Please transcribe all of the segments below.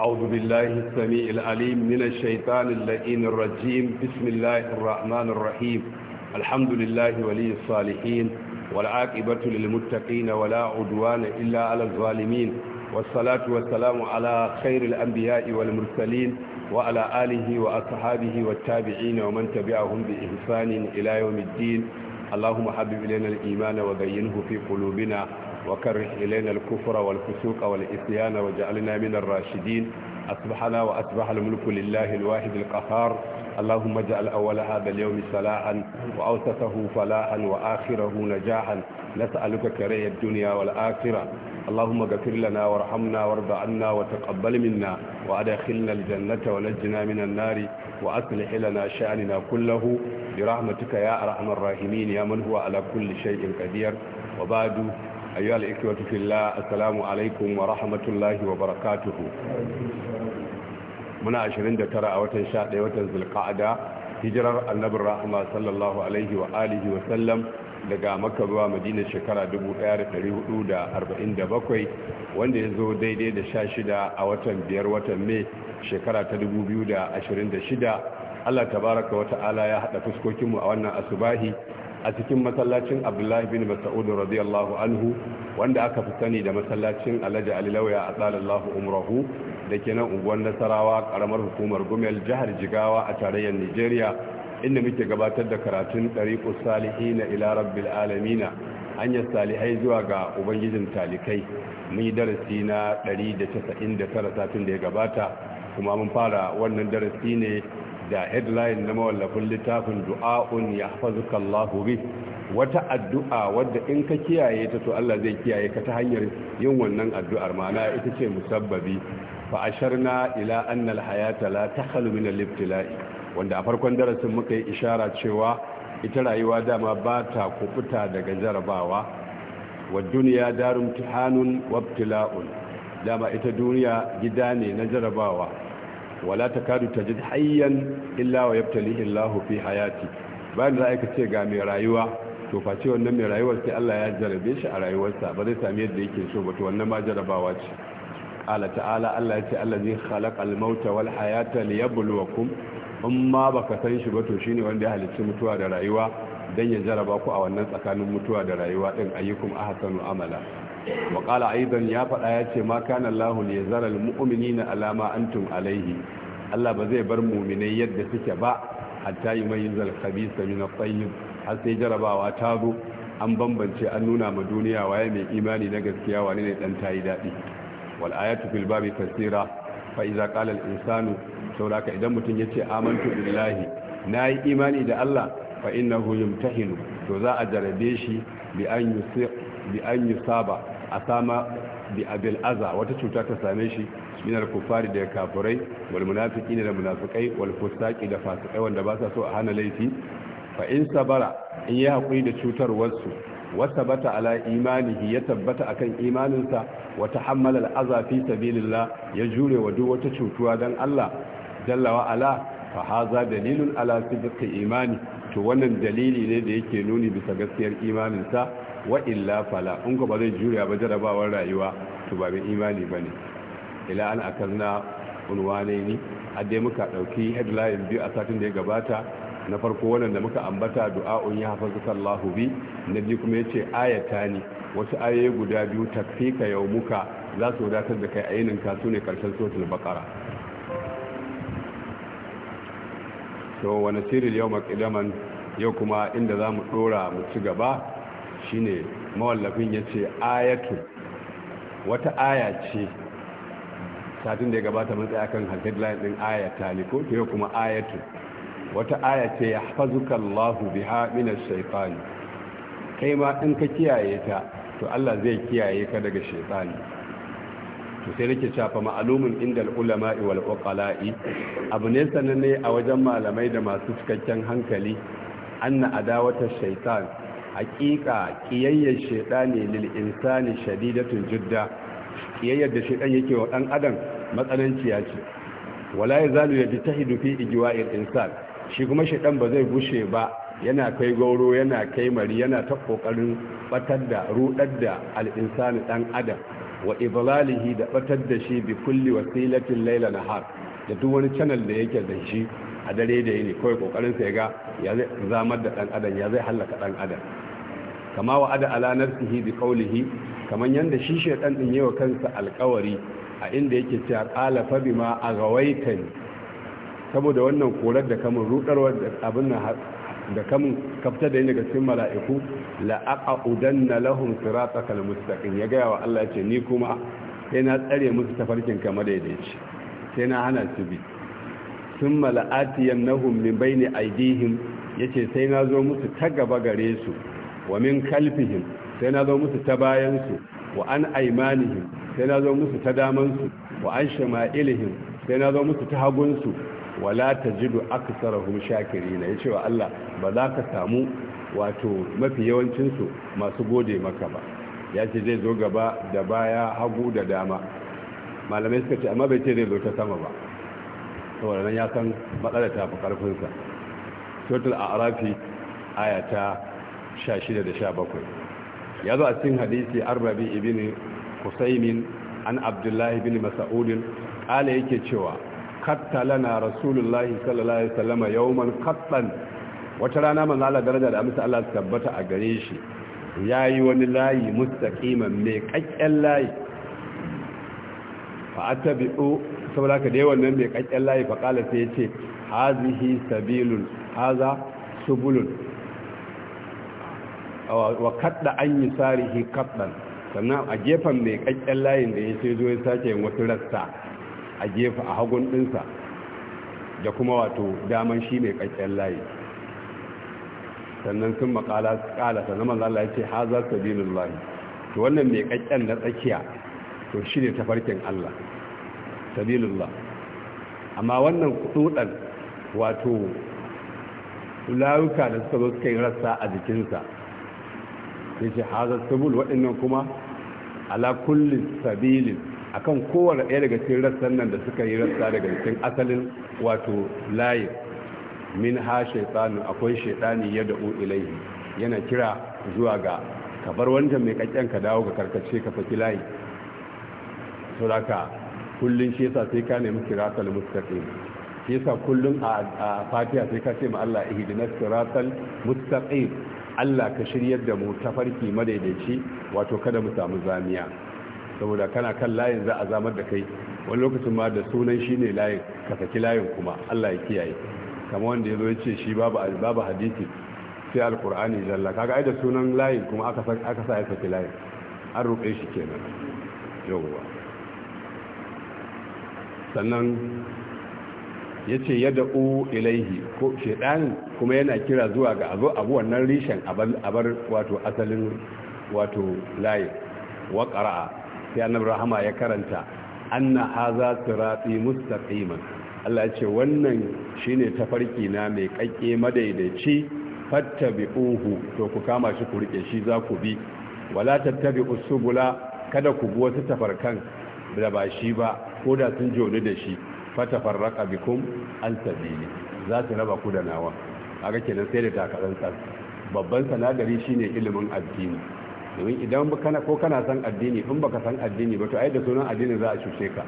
أعوذ بالله السميع العليم من الشيطان اللئيم الرجيم بسم الله الرحمن الرحيم الحمد لله ولي الصالحين والعاقبة للمتقين ولا عدوان إلا على الظالمين والصلاة والسلام على خير الأنبياء والمرسلين وعلى آله وأصحابه والتابعين ومن تبعهم بإحسان إلى يوم الدين اللهم حبب إلينا الإيمان وبينه في قلوبنا وكره إلينا الكفر والفسوق والإسيان وجعلنا من الراشدين أصبحنا وأصبح الملك لله الواحد القهار اللهم اجعل أول هذا اليوم صلاحا وأوسطه فلاحا وآخره نجاحا نسألك كريه الدنيا والآخرة اللهم اغفر لنا وارحمنا وارض عنا وتقبل منا وادخلنا الجنة ونجنا من النار وأصلح لنا شأننا كله برحمتك يا أرحم الراحمين يا من هو على كل شيء قدير وبعد أيها الإخوة في الله السلام عليكم ورحمة الله وبركاته من عشرين دترى وتن شاء وتن ذي القعدة هجرة النبي الرحمة صلى الله عليه وآله وسلم daga maka zuwa madina shekara 1447 wanda ya zo daidai da 16 a watan biyar watan mai shekara ta 2026 allah tabaraka wata'ala ya haɗa fuskokinmu a wannan asubahi a cikin masallacin abdullahi bin mas'ud radiyallahu anhu wanda aka fi sani da masallacin alhaji ali lauya a tsalallahu umrahu da ke nan unguwar nasarawa karamar hukumar gumel jihar jigawa a tarayyar nigeria inda muke gabatar da karatun ɗariƙus salihina ila rabbil alamina hanyar salihai zuwa ga ubangijin talikai mun yi darasi na 199 satin da ya gabata kuma mun fara wannan darasi ne da headline na mawallafin littafin du'a'un ya hafazuka kalla bi wata addu'a wadda in ka kiyaye ta to Allah zai kiyaye ka ta hanyar yin wannan addu'ar mana ita ce musabbabi fa asharna ila anna alhayata la takhalu min alibtila'i wanda a farkon darasin muka yi ishara cewa ita rayuwa dama ba ta kubuta daga jarabawa wa duniya darum tihanun wabtila'un dama ita duniya gida ne na jarabawa wala takadu ta hayyan illa wa yabtalihi illahu fi hayati bayan da aka ce ga mai rayuwa to face wannan mai rayuwar sai Allah ya jarabe shi a rayuwarsa ba zai sami yadda yake so ba to wannan ma jarabawa ce qala ta'ala Allah ya ce allazi khalaqal mauta wal hayata liyabluwakum in ma baka san shi ba to shine wanda ya halicci mutuwa da rayuwa dan ya jaraba ku a wannan tsakanin mutuwa da rayuwa din ayyukum ahsanu amala Waƙala Aizan aidan ya faɗa ya ce ma kana Allahu li yazara al mu'minina ala antum alaihi Allah ba zai bar mu'minai yadda suke ba hatta yumayyiz al khabisa min tayyib har sai jarabawa ta zo an bambance an nuna ma duniya waye mai imani na gaskiya wani ne dan tayi dadi wal ayatu fil babi kasira fa idza qala al insanu sauraka idan mutum yace amantu billahi nayi imani da Allah fa innahu yumtahinu to za a jarabe shi bi an yusaba a sama bi abil aza wata cuta ta same shi minar kufari da kafirai wal na da munafukai, wal da fasikai wanda ba sa so a hana laifi fa in sabara in yi hakuri da cutar wasu wata bata ala imanihi ya tabbata akan imaninsa wata hammala al'aza fi sabilillah ya jure wa duk wata cutuwa dan Allah jalla wa ala fa haza dalilun ala sidqi imani to wannan dalili ne da yake nuni bisa gaskiyar imaninsa wa illa fala in ko ba zai juriya ba jarabawar rayuwa to ba mai imani ba ne ila an akalna unwane ni a dai muka ɗauki headline biyu a satin da ya gabata na farko wannan da muka ambata du'a'un ya hafa zuka Allah bi na biyu kuma ce ayata ne wasu ayoyi guda biyu takfika yau muka za su wadatar da kai a yi ka sune karshen suratul baqara to wani sirri yau makidaman yau kuma inda zamu mu dora mu ci gaba shine mawallafin ya ce ayatu wata aya ce satin da ya gabata mun tsaya kan headline din ayata ne ko ke kuma ayatu wata aya ce ya hafazuka Allahu biha min ash-shaytan kai ma in ka kiyaye ta to Allah zai kiyaye ka daga shaytani to sai nake shafa ma'alumin inda ulama'i wal uqala'i abu ne sananne a wajen malamai da masu cikakken hankali anna adawata shaitan. haƙiƙa ƙiyayyar shaidani lil insani shadidatun jidda ƙiyayyar da shaidan yake wa ɗan adam matsananciya ce wala ya yatahidu fi ijwa'il insan shi kuma shedan ba zai bushe ba yana kai gauro yana kai mari yana ta kokarin batar da rudar da al-insani dan adam wa iblalihi da batar da shi bi kulli wasilatin layla nahar da duk wani channel da yake da shi a dare da yini kawai kokarin sa ga ya zai zamar da dan adam ya zai halaka dan adam kama wa ada ala nafsihi bi qawlihi kaman yanda shi shaytan din wa kansa alƙawari a inda yake cewa qala fa bima aghawaitani saboda wannan korar da kamun rudarwar da abin nan da kamun kafta da yin daga cikin mala'iku la'aƙa'udanna lahun sirata kalmustaƙin ya gaya wa Allah ce ni kuma sai na tsare musu tafarkin kama daidaici sai na hana su bi sun mala'atiyan nahum min bayni aidihim yace sai na zo musu ta gaba gare su wa min kalfihim sai na zo musu ta bayansu su wa an aimanihim sai na zo musu ta daman su wa an shama'ilihim sai na zo musu ta hagun su wala tajidu aktsarahum shakirina yace wa Allah ba za ka samu wato mafi yawancinsu masu gode maka ba yace zai zo gaba da baya hagu da dama malamai suka ce amma bai ce zai zo ta sama ba saboda nan ya san matsalar ta fi karfinsa total a arafi aya ta 16 da 17 ya zo a cikin hadisi arbabi ibn husaymin an abdullahi ibn mas'ud ala yake cewa kattalana rasulullahi sallallahu alaihi wasallam yawman qattan wata rana manzo Allah daraja da amsa Allah tabbata a gare shi yayi wani layi mustaqiman mai kakken layi biɗo, saboda ka dai wannan mai kakken layi fa kala sai yace hazihi sabilun haza subulun wa kadda an yusarihi kaddan sannan a gefen mai kakken layin da yace zo ya sake wasu rasta a gefe a hagun dinsa da kuma wato daman shi mai kakken layi sannan sun makala kala sannan manzo ya ce haza sabilullahi to wannan mai kakken na tsakiya to shi ne tafarkin Allah sabilullah amma wannan kududan wato layuka da suka zo suka yi rassa a jikinsa ya ce hazar sabul waɗannan kuma ala kulli sabilin akan kowane ɗaya daga cikin rassan nan da suka yi rassa daga cikin asalin wato layi. min ha shaitanu akwai shaitani ya da'u ilaihi yana kira zuwa ga kabar bar wancan mai kakken ka dawo ga karkace ka faki layi to haka kullun shi sai ka nemi siratal mustaqim shi yasa kullun a fatiha sai ka ce ma Allah ihdinas siratal mustaqim Allah ka shiryar da mu tafarki madaidaici wato kada mu samu zamiya saboda kana kan layin za a zamar da kai wani lokacin ma da sunan shi ne layin ka saki layin kuma Allah ya kiyaye Kamar wanda ya zo ya ce shi babu hadisi sai Alƙur'ani, jalla kaga ai da sunan layin kuma aka sa ya saki layin an rufe shi kenan yawwa sannan ya ce yadda o ilaihi ko shaidan kuma yana kira zuwa ga abu wannan rishen abar wato asalin wato layi. wa ƙara'a sai annabi rahama ya karanta anna haza sirati mustaqiman Allah ya ce wannan shine tafarki na mai kakke madaidaici fattabi'uhu to ku kama shi ku riƙe shi za ku bi wala tattabi'us subula kada ku bi wasu tafarkan da ba shi ba ko da sun joni da shi fata farraka bikum an sabili za su raba ku da nawa haka kenan sai da takarar sa babban sanadari shine ilimin addini domin idan kana ko kana san addini in baka san addini ba to ai da sunan addinin za a cuce ka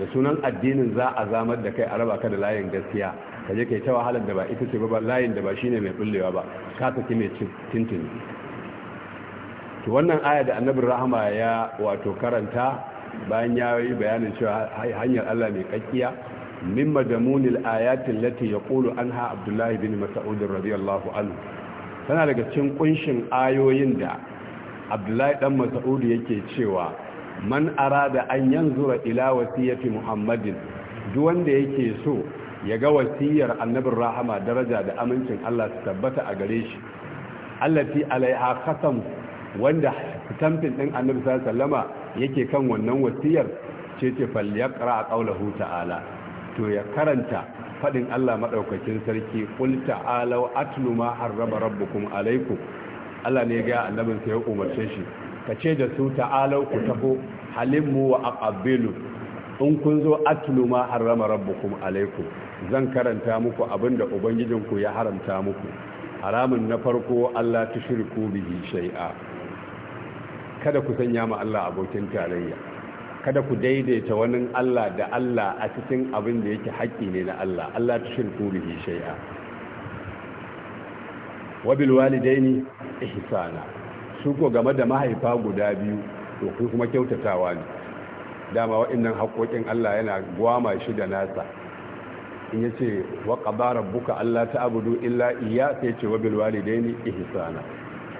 da sunan addinin za a zamar da kai a raba ka da layin gaskiya ka je kai ta wahalar da ba ita ce ba layin da ba shine mai bullewa ba ka saki mai tintini to wannan aya da annabi rahama ya wato karanta bayan ya yi bayanin cewa hanyar Allah mai kakkiya min majamunil ayatin lati an anha abdullahi bin mas'ud radiyallahu anhu tana daga cikin ƙunshin ayoyin da abdullahi dan mas'udi yake cewa man arada an yanzura ila wasiyati muhammadin duk wanda yake so ya ga wasiyar annabin rahama daraja da amincin Allah su tabbata a gare shi allati alaiha kasan wanda tamfin ɗin annabi sallallahu yake kan wannan wasiyar ce ce a qawluhu ta'ala to ya karanta faɗin Allah maɗaukakin sarki ta'ala wa atlu ma harrama rabbukum alaikum Allah ne ga annabin sai ya umarce shi Ka ce da su ta'ala ku taho halimmu wa aqabilu in kun zo atlu ma harrama rabbukum alaikum zan karanta muku abinda ubangijinku ya haramta muku haramun na farko Allah shirku bihi shai'a. kada ku sanya ma Allah abokin tarayya kada ku daidaita wani Allah da Allah a cikin abin da yake haƙƙi ne na Allah Allah ta shirku bihi shay'a wa bil walidaini ihsana su ko game da mahaifa guda biyu to ku kuma kyautatawa ne dama waɗannan haƙoƙin Allah yana gwama shi da nasa in yace wa qadara rabbuka alla ta'budu illa iyyaka yace wa bil walidaini ihsana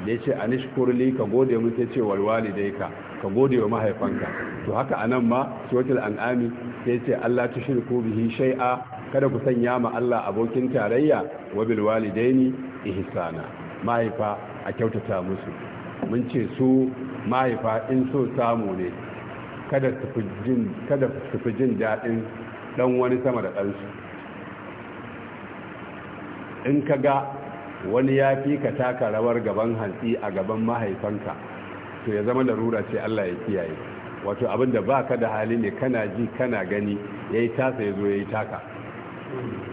da ya ce a nishkurli ka gode mu sai ce da ka ka gode wa mahaifanka to haka a nan ma suratul an'ami sai ce Allah ta ko bihi shai'a. kada ku sanya ma Allah abokin tarayya wa bil walidaini ihsana mahaifa a kyautata musu mun ce su mahaifa in so samu ne kada su fi jin daɗin ɗan wani sama da ɗansu in ka ga wani ya fi ka taka rawar gaban hantsi a gaban mahaifanka to ya zama larura ce Allah ya kiyaye wato abin da ba ka da hali ne kana ji kana gani ya yi tasa ya zo ya yi taka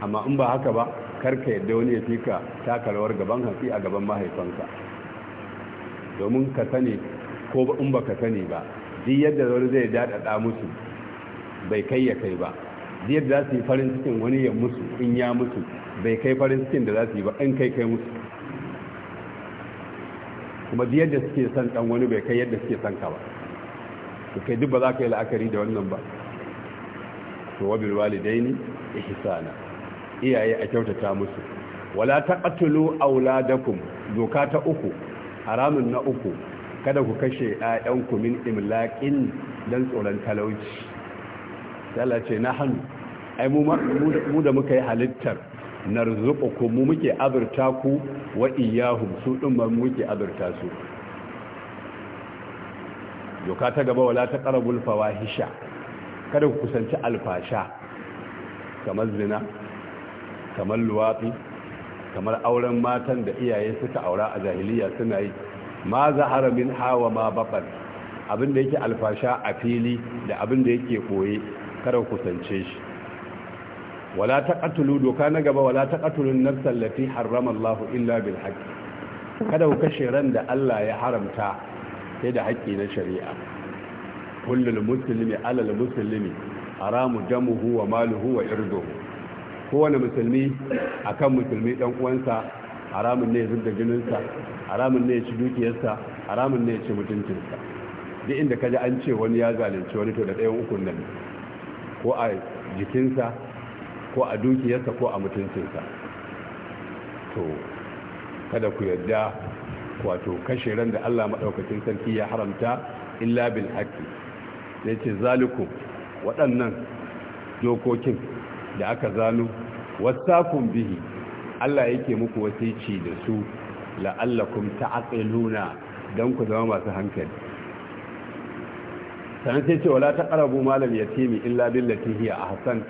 amma in ba haka ba karka yadda wani ya fi ka taka rawar gaban hantsi a gaban mahaifanka domin ka sani ko in ba ka sani ba duk yadda wani zai daɗaɗa musu bai kai ya kai ba duk yadda za su yi farin cikin wani ya musu in ya musu bai kai farin cikin da za su yi ba in kai kai musu kuma yadda suke son ɗan wani bai kai yadda suke son ka ba kai duk ba za ka yi la'akari da wannan ba to wa bil walidaini ihsana iyaye a kyautata musu wala taqtulu auladakum doka ta uku haramun na uku kada ku kashe ƴaƴanku min imlaqin dan tsoron talauci Allah ce na hannu ai mu da muka yi halittar ku mu muke azurta ku wa su din ma muke azurta su doka ta gaba wala ta gulfawa fawahisha kada ku kusanci alfasha kamar zina kamar luwafi kamar auren matan da iyaye suka aura a jahiliya suna yi ma za haramin hawa ma baban abinda yake alfasha a fili da abinda yake koye kada ku kusance shi wala taqatulu doka na gaba wala taqatulun nafsal lati harrama Allah illa bil haqq kada ku kashe ran da Allah ya haramta sai da haƙƙi na shari'a kullul muslimi alal muslimi haramu damuhu wa maluhu wa irduhu kowane musulmi akan musulmi dan uwansa haramun ne da jininsa haramun ne ci dukiyarsa haramun ne ci mutuncinsa duk inda kaji an ce wani ya zalunci wani to da ɗayan ukun nan ko a jikinsa ko a dukiyarsa ko a mutuncinsa to kada ku yadda wato kashe ran da Allah maɗaukacin sarki ya haramta illa bil haqqi Ya ce zaliku. waɗannan dokokin da aka zanu wasakun bihi Allah yake muku wasici da su la'allakum ta'qiluna dan ku zama masu hankali sanan sai ce wala taqrabu malal yatimi illa billati hiya ahsan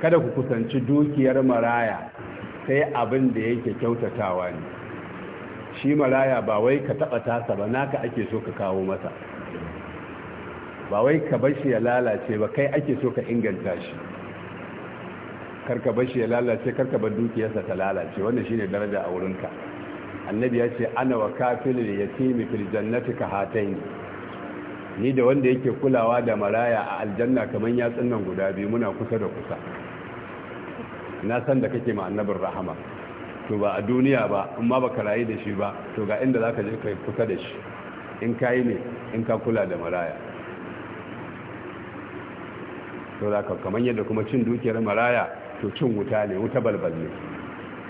kada ku kusanci dukiyar maraya sai abin da yake kyautatawa ne shi maraya ba wai ka taɓa tasa ba naka ake so ka kawo masa ba wai ka bashi ya lalace ba kai ake so ka inganta shi karka bashi ya lalace karka bar dukiyarsa ta lalace wannan shine daraja a wurinka annabi ya ce ana wa kafilul yatimi fil jannati ka hatain ni da wanda yake kulawa da maraya a aljanna kaman yatsun nan guda biyu muna kusa da kusa na san da kake ma annabin rahama to ba a duniya ba amma baka rayu da shi ba to ga inda zaka je kai kusa da shi in kai ne in ka kula da maraya to zaka kamar yadda kuma cin dukiyar maraya to cin wuta ne wuta balbal ne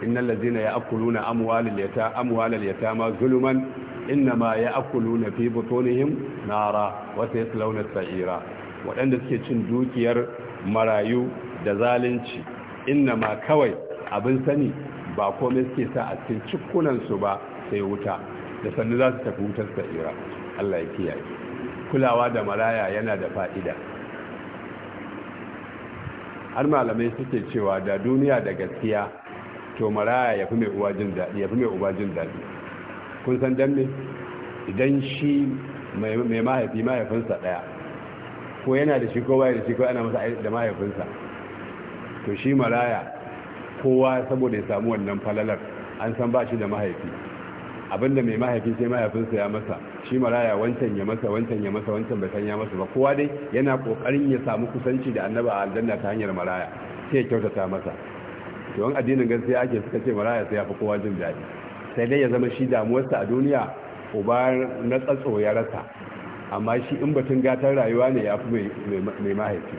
innal ladzina ya'kuluna amwalal yata amwalal yatama zuluman innama ya'kuluna fi butunihim nara wa sayaslawna sa'ira waɗanda suke cin dukiyar marayu da zalunci inna ma kawai abin sani ba komai suke sa a cikin cikunansu ba sai wuta da sannu za su tafi wutar sa'ira allah ya kiyaye kulawa da maraya yana da fa'ida har malamai suke cewa da duniya da gaskiya to maraya ya fi mai uba jin daɗi kun san dan ne idan shi mai mahaifi mahaifinsa ɗaya ko yana da shi ko baya da shi ko ana masa da mahaifinsa to shi maraya kowa saboda ya samu wannan falalar an san ba shi da mahaifi abinda mai mahaifi sai mahaifinsa ya masa shi maraya wancan ya masa wancan ya masa wancan bai san ya masa ba kowa dai yana kokarin ya samu kusanci da annaba a aljanna ta hanyar maraya sai ya kyautata masa to an addinin gaskiya ake suka ce maraya sai ya fi kowa jin daɗi sai dai ya zama shi damuwarsa a duniya uba na tsatso ya rasa amma shi in batun gatar rayuwa ne ya fi mai mahaifi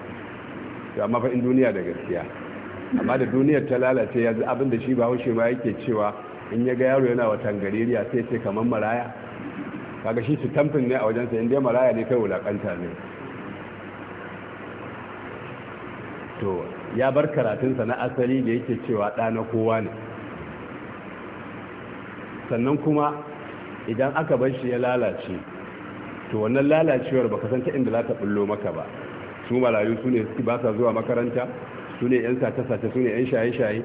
to amma fa in duniya da gaskiya amma da duniyar ta lalace yanzu abin da shi ba haushe ma yake cewa in ya ga yaro yana watan gaririya sai ce kamar maraya kaga shi su tamfin ne a wajensa in dai maraya ne kai wulakanta ne to ya bar karatunsa na asali da yake cewa ɗa na kowa ne sannan kuma idan aka bar shi ya lalace to wannan lalacewar baka san ta inda za ta bullo maka ba su marayu su ne ba sa zuwa makaranta su ne 'yan sace-sace su ne 'yan shaye-shaye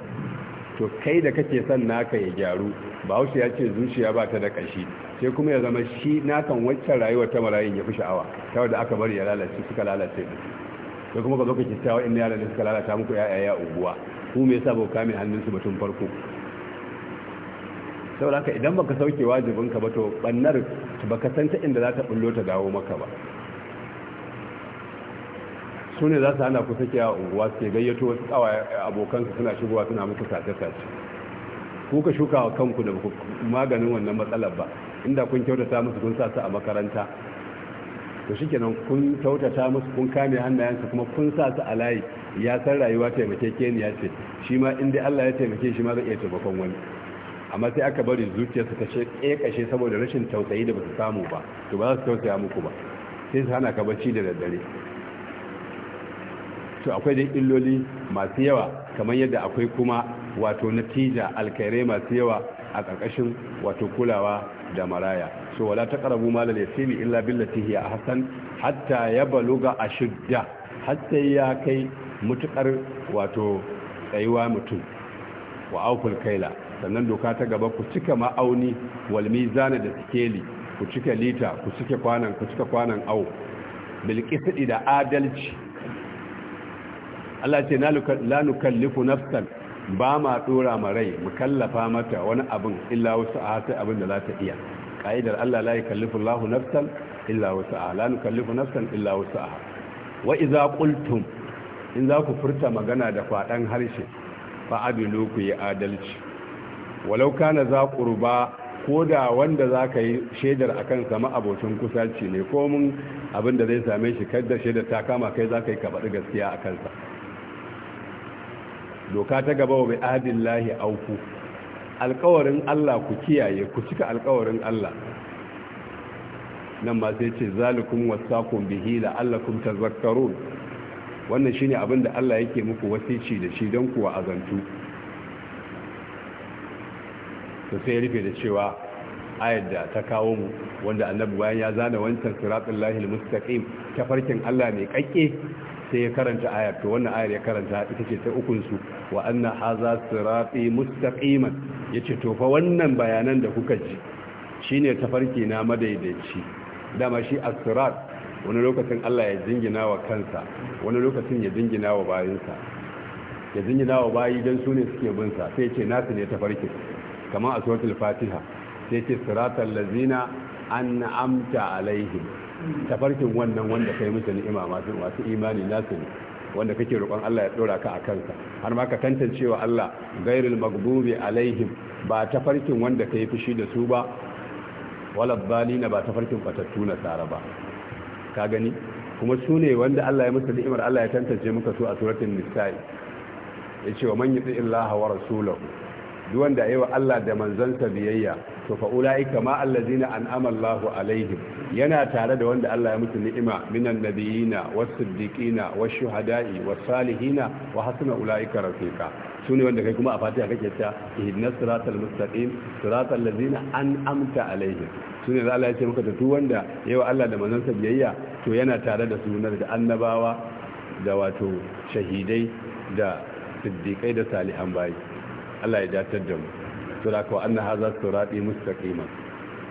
to kai da kake son naka ya gyaru ba ya ce zuciya ba ta da ƙashi sai kuma ya zama shi nakan waccan rayuwar ta marayin ya fi sha'awa ta da aka bari ya lalace suka lalace da sai kuma ka zo ka kyakkyawa inda yaran da suka lalata muku ya'ya ya unguwa ku me yasa ba ku kame hannunsu batun farko saboda haka idan baka sauke wajibinka ba to bannar ka san ta inda za ta bullo ta dawo maka ba su ne za su hana ku sake a unguwa su ke gayyato wasu kawaye abokansa suna shigowa suna muku sace-sace ku ka shuka wa kanku da maganin wannan matsalar ba inda kun kyautata musu kun sa su a makaranta to shikenan kun kyautata musu kun kame hannayensu kuma kun sa su a layi ya san rayuwa taimake keniya ce shi ma inda Allah ya taimake shi ma zai iya taimakon wani amma sai aka bari zuciyarsu ta kashe saboda rashin tausayi da ba su samu ba to ba za su tausaya muku ba sai su hana ka bacci da daddare to akwai dai illoli masu yawa kamar yadda akwai kuma wato natija alkairai masu yawa a ƙarƙashin wato kulawa da maraya so wala ta ƙarabu malar ya illa billati hiya ahsan hatta ya baluga a shidda hatta ya kai mutukar wato tsayuwa mutum wa aukul kaila sannan doka ta gaba ku cika ma'auni wal mizana da sikeli ku cika lita ku cika kwanan ku cika kwanan au bil da adalci Allah ce la nukallifu nafsan ba ma dora ma rai mu kallafa mata wani abin illa wasu a hata abin da za ta iya ka'idar Allah la yukallifu Allahu nafsan illa wasu a la nukallifu nafsan illa wasu a wa idza qultum in za ku furta magana da fadan harshe fa adilu ku yi adalci walau kana za qurba ko da wanda za ka yi shaidar a kan sama abocin kusaci ne ko mun abin da zai same shi kadda shaidar ta kama kai za ka yi kabaɗi gaskiya a kansa doka ta gaba wa bi'adin lahi auku alkawarin Allah ku kiyaye ku cika alkawarin Allah nan ma sai ce zalikum wasaqum bihi la'allakum tazakkarun wannan shine abin da Allah yake muku wasici da shi don kuwa azantu to sai rufe da cewa ayar da ta kawo mu wanda annabi bayan ya zana wancan siratul lahi mustaqim tafarkin Allah mai kakke sai ya karanta ayar to wannan ayar ya karanta ita ce ta ukun su wa anna haza sirati mustaqiman yace to fa wannan bayanan da kuka ji shine tafarki na madaidaici dama shi as-sirat wani lokacin Allah ya jingina wa kansa wani lokacin ya jingina wa bayinsa ya jingina wa bayi dan su ne suke bin sa sai yace nasu ne tafarki kamar a suratul fatiha sai yace siratal ladzina an'amta alaihim tafarkin wannan wanda kai mutane ni'ima masu wasu imani nasu ne wanda kake roƙon Allah ya dora ka a kansa har ma ka tantancewa Allah ghairul maghdubi alaihim ba tafarkin wanda kai fushi da su ba wala balina ba tafarkin batattu na tsara ba ka gani kuma su ne wanda Allah ya musu ni'imar Allah ya tantance muka su a suratul nisa'i yace wa man yuti illaha wa rasulahu duk wanda wa Allah da manzansa biyayya to fa ulaika ma allazina an'ama Allahu alaihim yana tare da wanda Allah ya mutu ni'ima minan nabiyina wasu siddiqina wasu shuhadai wasu salihina wa hasuna ulaika rafiqa sune wanda kai kuma a fatiha kake ta ihdinas siratal mustaqim siratal ladzina an'amta alaihim sune da Allah ya ce maka duk wanda yi wa Allah da manzansa biyayya to yana tare da sunan da annabawa da wato shahidai da siddiƙai da salihan bayi Allah ya datar da mu sura annaha anna hadha sirati mustaqima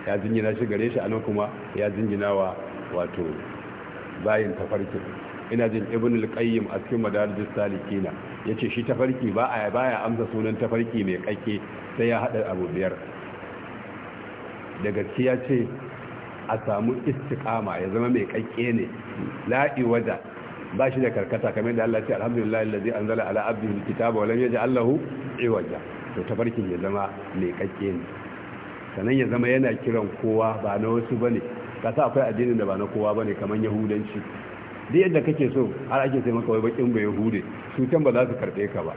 ya jingina shi gare shi anan kuma ya jingina wa wato bayin tafarki. ina jin ibn al-qayyim a cikin madarijus salikina yace shi tafarki ba a baya amsa sunan tafarki mai kakke sai ya hada abu biyar da gaskiya ce a samu istiqama ya zama mai kakke ne la'i wada ba shi da karkata kamar da Allah ya ce alhamdulillah allazi anzala ala abdihi alkitaba wa lam yaj'al lahu iwaja to tabarkin ya zama kake ne sanan ya zama yana kiran kowa ba na wasu bane sa akwai addinin da ba na kowa bane kamar yahudanci duk yadda kake so har ake sai maka wai bakin ba yahude su can ba za su karbe ka ba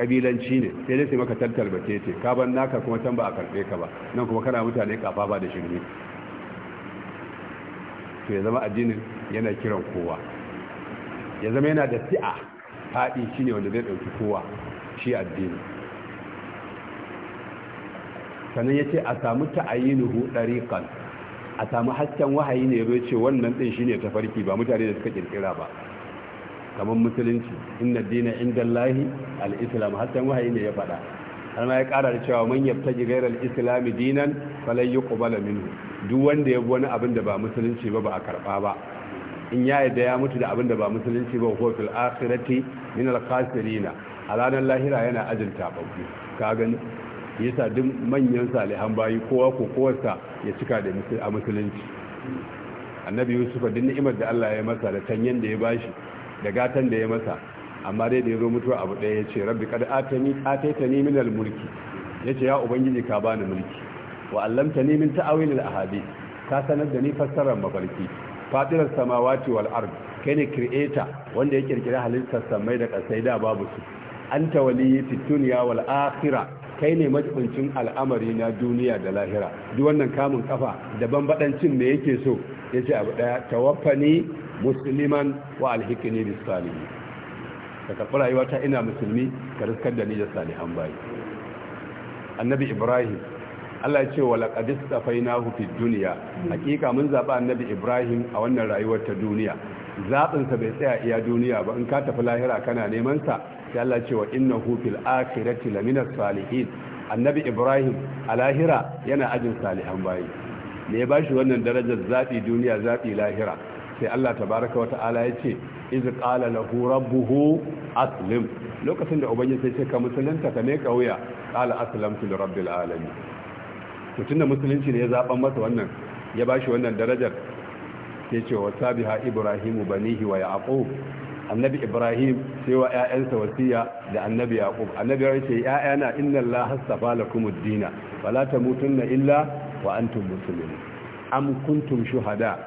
kabilanci ne sai dai sai maka tattal bace ce ka ban naka kuma can ba a karbe ka ba nan kuma kana mutane kafa ba da shirme to ya zama addinin yana kiran kowa ya zama yana da si'a faɗi ne wanda zai ɗauki kowa shi addini sannan ya ce a samu ta'ayinuhu kan a samu hasken wahayi ne ya ce wannan ɗin shi ne tafarki ba mutane da suka ƙirƙira ba kamar musulunci inna dina inda lahi al'islam hasken wahayi ne ya faɗa har ma ya ƙara da cewa man yabta gairar al'islami dinan falai yi duk wanda ya bi wani abin da ba musulunci ba ba a karɓa ba in ya yi da ya mutu da abin da ba musulunci ba ko fil akhirati min al khasirina a ranar lahira yana ajin tababbu ka gani yasa duk manyan salihan bayi kowa ko kowarsa ya cika da a musulunci annabi yusuf din ni'imar da Allah ya masa da tanyen da ya bashi da gatan da ya masa amma dai da ya zo mutu abu ɗaya ya ce rabbi kada atani ataitani min al mulki ya ce ya ubangiji ka bani mulki wa allamtani min ta'awil al ahadith ka sanar da ni fassarar mafarki fadirar samawati wal ard kai ne creator wanda ya kirkira halittar samai da kasai da babu su anta waliyyi fid dunya wal akhirah kai ne majibincin al'amari na duniya da lahira duk wannan kamun kafa da badancin me yake so yace abu daya tawaffani musliman wa alhiqni bis salihin ka rayuwa ta ina musulmi ka riskar da ni da salihan bayi annabi ibrahim Allah ya ce wa laqad istafainahu fid dunya hakika mun zaba annabi Ibrahim a wannan rayuwar ta duniya zabin bai tsaya iya duniya ba in ka tafi lahira kana neman sa sai Allah ya ce wa innahu fil akhirati laminas salihin annabi Ibrahim a lahira yana ajin salihan bayi ne ya bashi wannan darajar zabi duniya zabi lahira sai Allah tabaraka wa ta'ala ya ce iz qala lahu rabbuhu aslim lokacin da ubangiji sai ce ka musulunta ka ne kauya qala aslamtu li rabbil alamin mutum da musulunci ne ya zaɓan masa wannan ya bashi wannan darajar Ke ce wa sabiha ibrahimu banihi wa yaqub annabi ibrahim sai wa ƴaƴansa wasiya da annabi yaqub annabi ya ce ƴaƴana inna allaha astafa la ad-dina wala tamutunna illa wa antum muslimun am kuntum shuhada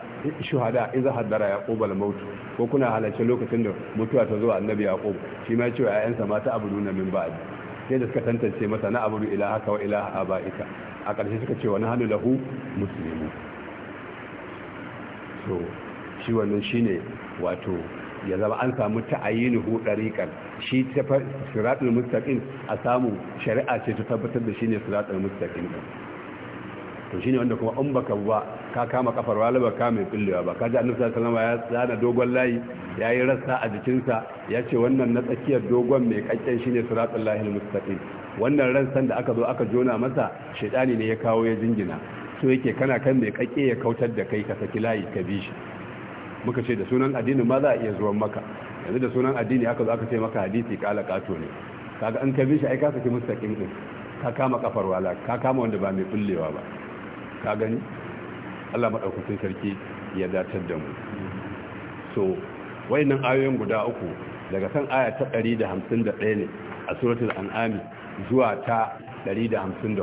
shuhada idza haddara yaqub al mautu ko kuna halarci lokacin da mutuwa ta zo annabi yaqub shi ma ce wa ƴaƴansa mata nuna min ba'di sai da suka tantance masa na abudu ilahaka wa ilaha abaika a ƙarshe suka ce wani hannu lahu musulmi so shi wannan shine wato ya zama an samu hu ɗariƙar shi ta siratul mustaqim a samu shari'a ce ta tabbatar da shine siratul mustaqim to shine wanda kuma in baka ba ka kama kafar wala ba ka mai ba kaji annabi sallallahu alaihi wasallam ya tsana dogon layi yayi rassa a jikin sa ya ce wannan na tsakiyar dogon mai kakken shine siratul lahil mustaqim wannan rassan da aka zo aka jona masa shedani ne ya kawo ya jingina so yake kana kan mai kakke ya kautar da kai ka saki layi ka bi shi muka ce da sunan addini ma za a iya zuwan maka yanzu da sunan addini aka zo aka ce maka hadisi kala kato ne kaga an ka bi shi ai ka saki mustaqim din ka kama kafar wala ka kama wanda ba mai kullewa ba ka gani Allah maɗaukacin sarki ya datar da mu so wayannan ayoyin guda uku daga kan aya ta 151 ne a suratul an'ami zuwa ta 153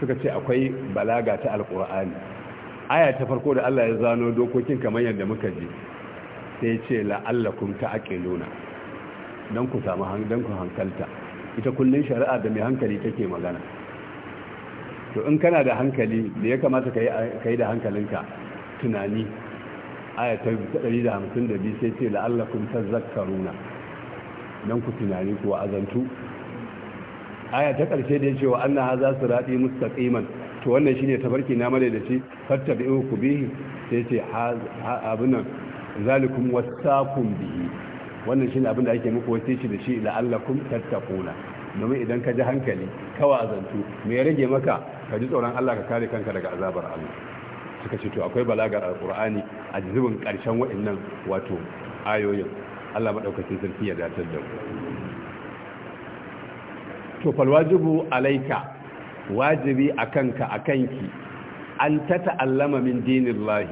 suka ce akwai balaga ta alqur'ani aya ta farko da Allah ya zano dokokin kamar yadda muka ji sai ya ce la'allakum ta'qiluna dan ku samu hankalta ita kullum shari'a da mai hankali take magana to in kana da hankali da ya kamata ka yi da hankalinka tunani ayatar 152 sai ce la'allakun ta zakaruna don ku tunani ku azantu ayatar ta ƙarshe da ya ce wa an na za su raɗi ƙiman to wannan shi ne tabarki na mare da shi fatta da iya ku bihi sai ce abinan zalikun wasakun bihi wannan shi ne abin da ake muku wasu shi da shi la'allakun tattakuna domin idan ka ji hankali kawa azantu me ya rage maka ka ji tsoron Allah ka kare kanka daga azabar Allah suka ce to akwai balagar alqur'ani a zubin karshen wa'annan wato ayoyin Allah maɗaukacin sarki ya datar da to falwajibu alaika wajibi akanka akanki an ta ta'allama min dinin lahi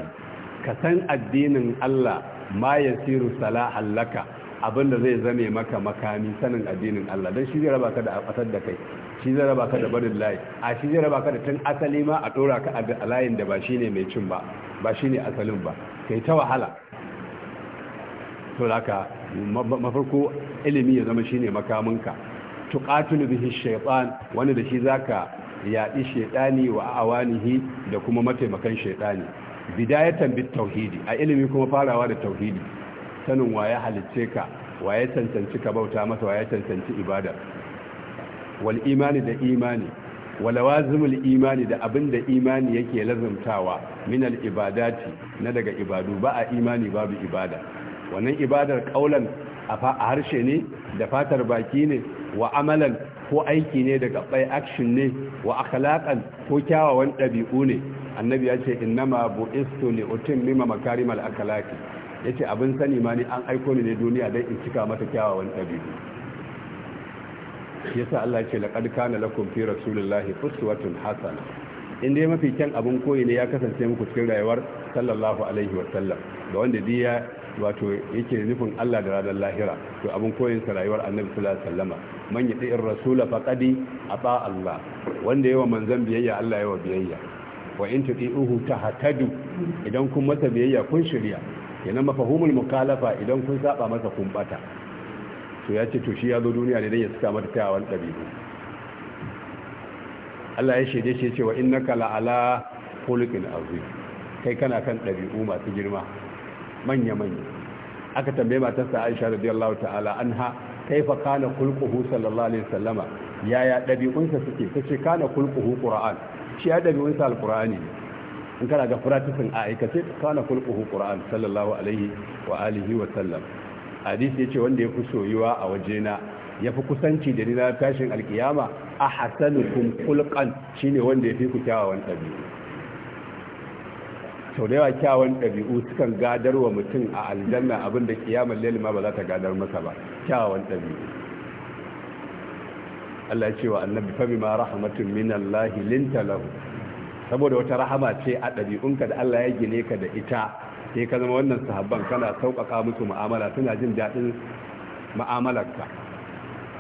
ka san addinin Allah ma ya siru abin abinda zai zame maka makami sanin addinin Allah don shi zai raba ka da a da kai shi zai raba ka da barin layi a shi zai raba ka da tun asali ma a ɗora ka a layin da ba shi ne mai cin ba ba shi ne asalin ba kai ta wahala to ka mafarko ilimi ya zama shi ne makaminka tuqatulu bihi shaytan wani da shi za ka yaɗi shaytani wa awanihi da kuma mataimakan shaytani bidayatan bit tauhidi a ilimi kuma farawa da tauhidi sanin waye halicce ka waye tantance ka bauta masa waye tantance ibada wal imani da imani walawazimul imani da abin da imani yake lazumtawa min al ibadati na daga ibadu ba a imani babu ibada wannan ibadar kaulan a harshe ne da fatar baki ne wa amalan ko aiki ne daga bai action ne wa akhlaqan ko kyawawan dabi'u ne annabi ya ce innama bu'istu li utammima makarimal akhlaqi yace abin sani ma ni an aiko ni ne duniya dan in cika mata kyawawan dabi'u yasa Allah ya ce laqad kana lakum fi rasulillahi uswatun hasana in dai mafi kyan abin koyi ne ya kasance muku cikin rayuwar sallallahu alaihi wa sallam da wanda diya wato yake nufin Allah da ranar lahira to abin koyin sa rayuwar annabi sallallahu alaihi wasallama man yati ir rasula faqadi ata Allah wanda yawa manzon biyayya Allah yawa biyayya wa in tuti'uhu tahtadu idan kun masa biyayya kun shirya yana mafahumul mukalafa idan kun saba masa kun bata to ya ce to shi ya zo duniya ne don ya saka mata kyawawan ɗabi'u Allah ya shaide shi ya ce wa innaka la'ala khuluqin azim kai kana kan ɗabi'u masu girma manya manya aka tambaye matarsa Aisha radiyallahu ta'ala an anha kaifa kana khulquhu sallallahu alaihi wasallama yaya ɗabi'unsa suke kace kana khulquhu qur'an shi ya ɗabi'unsa alqur'ani ne in kana ga practicing a aikace kana khulquhu qur'an sallallahu alaihi wa alihi wa sallam hadisi ce wanda ya fi soyuwa a waje ya fi kusanci da ni na tashin alkiyama a hasanukum kulkan shine wanda ya fi ku kyawawan ɗabi'u sau da yawa sukan gadar wa mutum a aljanna abinda kiyamar lelima ba za ta gadar masa ba Kyawawan ɗabi'u Allah ya ce wa annabi fami ma rahmatun min Allah linta saboda wata rahama ce a ɗabi'unka da Allah ya gine ka da ita ke ka zama wannan sahabban kana sauƙaƙa musu ma'amala suna jin daɗin ma'amalarka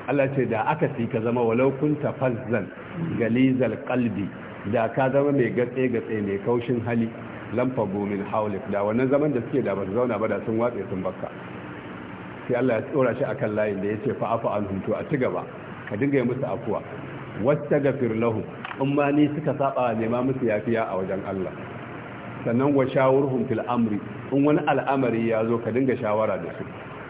Allah ce da aka fi ka zama walau kunta fazzan galizal kalbi da ka zama mai gatse gatse mai kaushin hali lamfa gomin haulif da wannan zaman da suke da ba zauna ba da sun watsa sun bakka sai Allah ya tsora shi akan layin da ya ce afa an hunto a ci gaba ka dinga yi musu afuwa wasta ga lahu in ma ni suka saba nema musu yafiya a wajen Allah sannan wa shawurhum fil amri in wani al'amari ya zo ka dinga shawara da su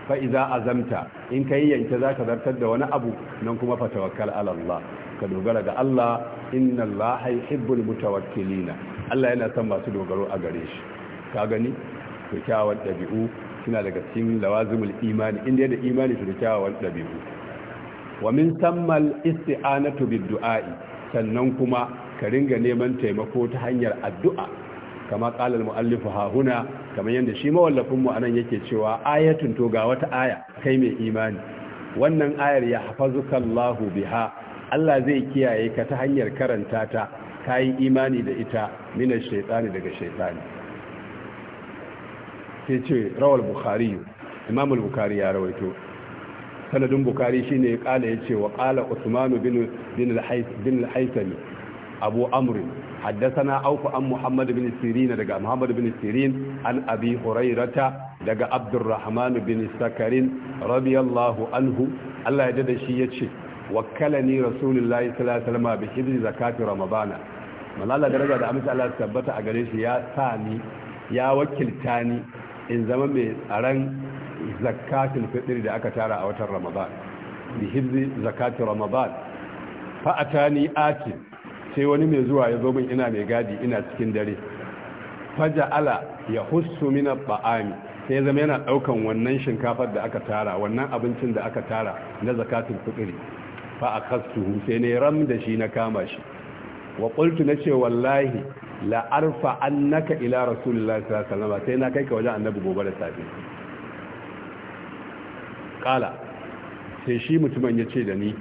fa iza azamta in kai yanke zaka zartar da wani abu nan kuma fa tawakkal ala Allah ka dogara ga Allah inna Allah yuhibbul mutawakkilin Allah yana son masu dogaro a gare shi ka gani to kyawun dabi'u suna daga cikin lawazimul imani inda da imani su da dabi'u wa min sammal isti'anatu bid du'a'i sannan kuma ka ringa neman taimako ta hanyar addu'a kama kalar al-muallifu ha huna kamar yanda shi mawallafin mu anan yake cewa ayatun to ga wata aya kai mai imani wannan ayar ya hafazuka Allahu biha Allah zai kiyaye ka ta hanyar karanta ta kayi imani da ita mina shaytani daga shaytani sai ce rawal bukhari imam al-bukhari ya rawaito sanadin bukhari shine ya kala yace wa qala usman bin al-haythami abu amr حدثنا أوف أم محمد بن سيرين دقى محمد بن سيرين عن أبي هريرة دقى عبد الرحمن بن سكرين رضي الله عنه الله يجد شيء وكلني رسول الله صلى الله عليه وسلم بحفظ زكاة رمضان من الله درجة دا أمس الله ثبت أقريش يا ثاني يا وكلتاني إن زمن من أرن زكاة الفطر دا أكتارا أوتر رمضان بحفظ زكاة رمضان فأتاني آتي sai wani mai zuwa ya zo min ina mai gadi ina cikin dare faja ala ya hussu min ba'ami sai zama yana daukan wannan shinkafar da aka tara wannan abincin da aka tara na zakatun fitri fa kastu sai ne ram da shi na kama shi wa na ce wallahi la arfa annaka ila rasulillahi sallallahu alaihi sai na kai ka wajen annabi gobe da safe kala sai shi mutumin ya ce da ni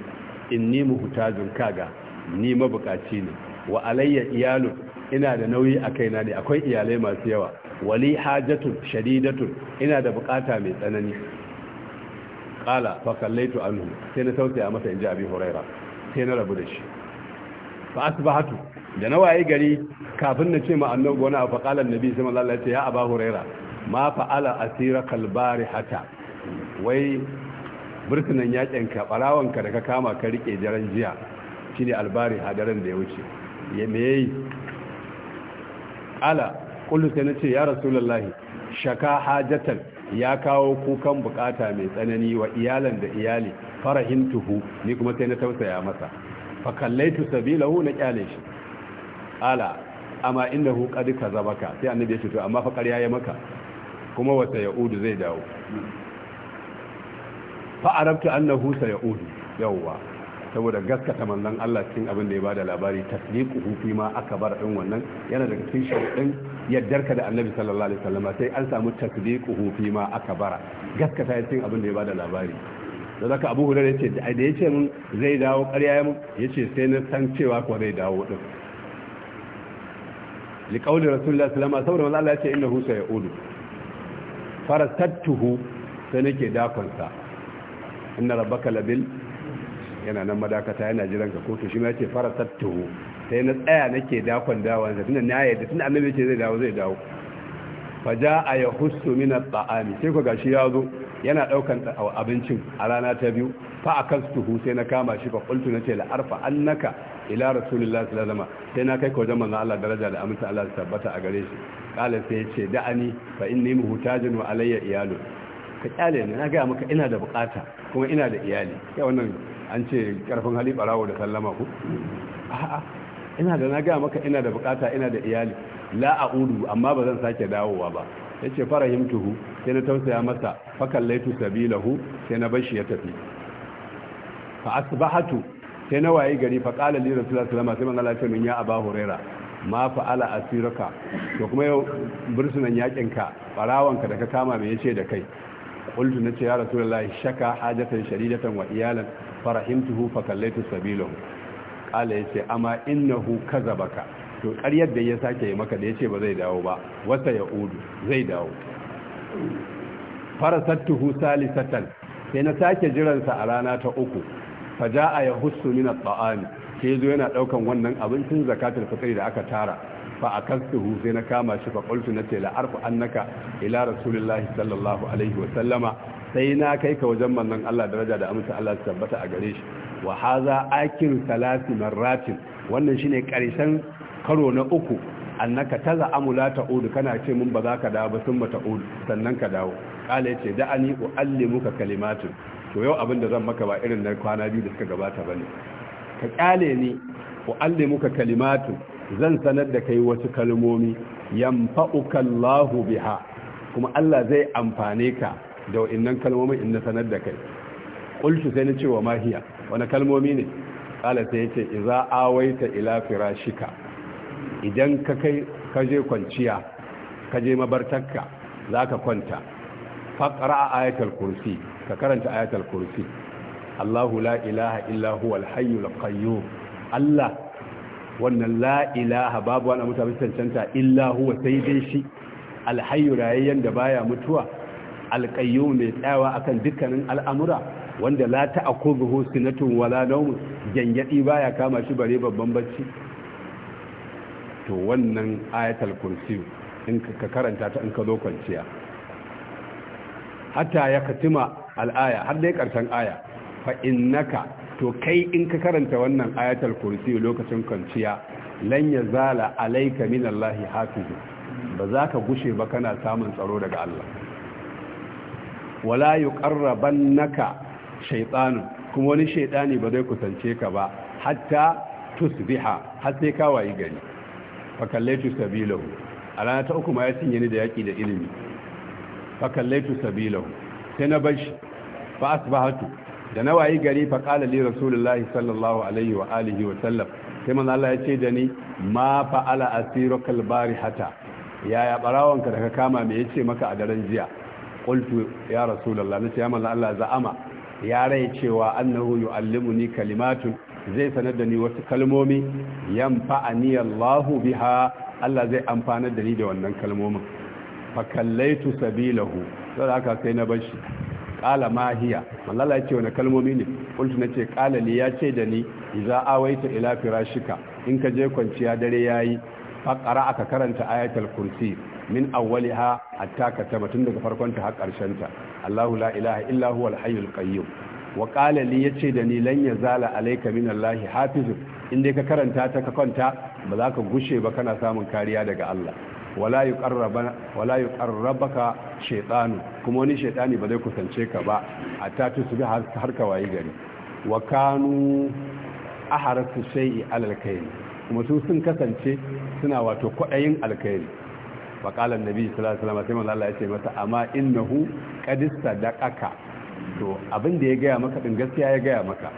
inni muhtajun kaga ni mabukaci ne wa alayya iyalu ina da nauyi a kaina ne akwai iyalai masu yawa wali hajatun shadidatun ina da bukata mai tsanani qala fa kallaitu anhu sai na tausaya masa inji abi huraira sai na rabu da shi fa asbahatu da na waye gari kafin na ce ma annabi wani abu qala annabi sai Allah ya ce ya aba huraira ma fa'ala asira kalbari hata wai burtunan yakin ka barawanka da ka kama ka rike daren jiya shine albari hadarin da ya wuce ya me yayi ala kullu sai nace ya rasulullahi shaka hajatan ya kawo kukan bukata mai tsanani wa iyalan da iyali farahintuhu ni kuma sai na tausaya masa fa kallaitu sabilahu na kyale shi ala amma innahu qad kazabaka sai annabi ya ce to amma fa ƙarya ya maka kuma wata ya'udu zai dawo fa arabtu annahu sayaudu yawwa saboda gaskata manzon Allah cikin abin da ya bada labari tasdiqu fi ma aka bar din wannan yana daga cikin sharadin yaddarka da Annabi sallallahu alaihi wasallam sai an samu tasdiqu fi ma aka bara. gaskata cikin abin da ya bada labari da zaka Abu Hurairah yace da yace mun zai dawo ƙarya yace sai na san cewa ko zai dawo din liƙaunin rasulullah salama saboda wanda Allah ya ce inda husa ya udu sai nake dakonsa inna rabbaka labil yana nan madakata yana jiran ka kotu. shi ma yake fara tattuhu sai na tsaya nake dakon dawan sa tunda na yadda tunda annabi ce zai dawo zai dawo faja'a hussu min at-ta'ami sai ko gashi ya zo yana daukan abincin a rana ta biyu fa akastuhu sai na kama shi fa qultu nace la arfa annaka ila rasulillahi sallallahu alaihi wasallam sai na kai ka wajen manzo Allah daraja da aminta Allah tabbata a gare shi kala sai yace da'ani fa inni muhtajun alayya iyalu ka kyale ne na ga maka ina da bukata kuma ina da iyali ya wannan an ce karfin hali barawo da sallama ku ina da na gaya maka ina da bukata ina da iyali la udu amma ba zan sake dawowa ba Ya yace farahimtuhu sai na tausaya masa fa kallaitu sabilahu sai na bashi ya tafi fa asbahatu sai na waye gari fa qala li rasulullahi sallallahu alaihi wasallam sai manzo ya ya aba huraira ma fa'ala asiraka to kuma yau bursunan yaƙinka barawanka da ka kama me yace da kai qultu ce ya rasulullahi shaka hajatan sharidatan wa iyalan farahimtuhu fa Sabilun, sabilahu qala yace amma innahu kazabaka to ƙaryar da ya sake yi maka da yace ba zai dawo ba wata yaudu zai dawo farasattuhu salisatan sai na sake jiransa a rana ta uku fa jaa yahussu min at-ta'am sai zo yana daukan wannan abincin zakatul fitri da aka tara fa akastuhu sai na kama shi fa qultu nace la arfu annaka ila rasulillahi sallallahu alaihi wa sallama sai na kai ka wajen mannan Allah daraja da amsa Allah su tabbata a gare shi wa haza akir salati marratin wannan shine karshen karo na uku annaka taza amula ta'udu kana ce mun ba za ka dawo ba sun ba ta'udu sannan ka dawo kala yace da'ani uallimuka kalimatun to yau abin da zan maka ba irin na kwana biyu da suka gabata bane ka kyale ni uallimuka kalimatun zan sanar da kai wasu kalmomi yanfa'uka Allahu biha kuma Allah zai amfane ka da wa'innan kalmomin in na sanar da kai qultu sai na ce wa mahiya wani kalmomi ne kala sai yace idza awaita ila firashika idan ka kai ka je kwanciya ka je mabartakka zaka kwanta a ayatul kursi ka karanta ayatul kursi Allahu la ilaha illa huwa hayyul qayyum Allah wannan la ilaha babu wani mutane cancanta illa huwa sai dai shi alhayyu rayayyen da baya mutuwa alƙayyu mai tsayawa akan dukkanin al'amura wanda la ta akuzuhu sinatun wala naumu gyangyaɗi ba ya kama shi bare babban bacci to wannan ayatul kursi in ka karanta ta in ka zo kwanciya hatta ya katima al'aya har dai ƙarshen aya fa innaka to kai in ka karanta wannan ayatul kursi lokacin kwanciya lan zala alaika minallahi hafizu ba za ka gushe ba kana samun tsaro daga Allah wala naka shaytanun kuma wani ne ba zai kusance ka ba hatta tusbiha har sai ka wayi gari Fakallaitu sabilahu a rana ta uku ma ya cinye ni da yaki da ilimi Fakallaitu sabilahu sai na bashi fa asbahatu da na wayi gari fa qala li sallallahu alaihi wa alihi wa sallam sai manzo Allah ya ce da ni ma fa'ala asirukal barihata yaya barawonka da ka kama me yace maka a daren jiya qultu ya rasulullah nace ya manzo Allah za'ama ya rai cewa annahu yu'allimuni kalimatun zai sanar da ni wasu kalmomi yanfa'ani Allah biha Allah zai amfana da ni da wannan kalmomin fa kallaitu sabilahu sai aka sai na bashi qala ma hiya mallala yace kalmomi ne qultu nace qala li yace da ni idza awaita ila firashika in ka je kwanciya dare yayi fa qara aka karanta ayatul kursi min awwaliha hatta kataba tun daga farkon ta har karshen ta Allahu la ilaha illa huwa al-hayyul qayyum wa qala li yace da ni lan yazala alayka min Allah hafiz dai ka karanta ta ka kwanta ba za ka gushe ba kana samun kariya daga Allah wala yuqarraba wala yuqarrabaka shaytanu kuma wani shaytani ba zai kusance ka ba hatta su har ka wayi gari wa kanu aharatu shay'i alal kayl kuma su sun kasance suna wato kwaɗayin alkhairi fa qala annabi sallallahu alaihi wasallam sai manzo ya ce mata amma innahu da ƙaka, to abin da ya gaya maka din gaskiya ya gaya maka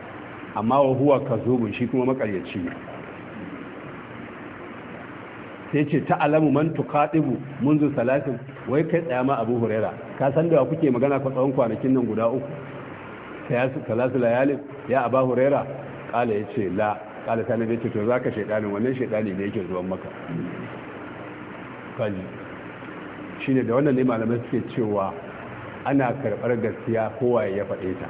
amma wa huwa zo shi kuma makaryaci ne sai ce ta alamu man tuqadibu munzu salatin wai kai tsaya ma Abu Huraira ka san da kuke magana ko tsawon kwanakin nan guda uku sayasu salatu layalin ya Abu Huraira kala yace la kala ta nabi ce to zaka shedanin wannan shedani ne yake zuwan maka shi ne da wannan ne malamai suke cewa ana karɓar gaskiya kowaye ya faɗe ta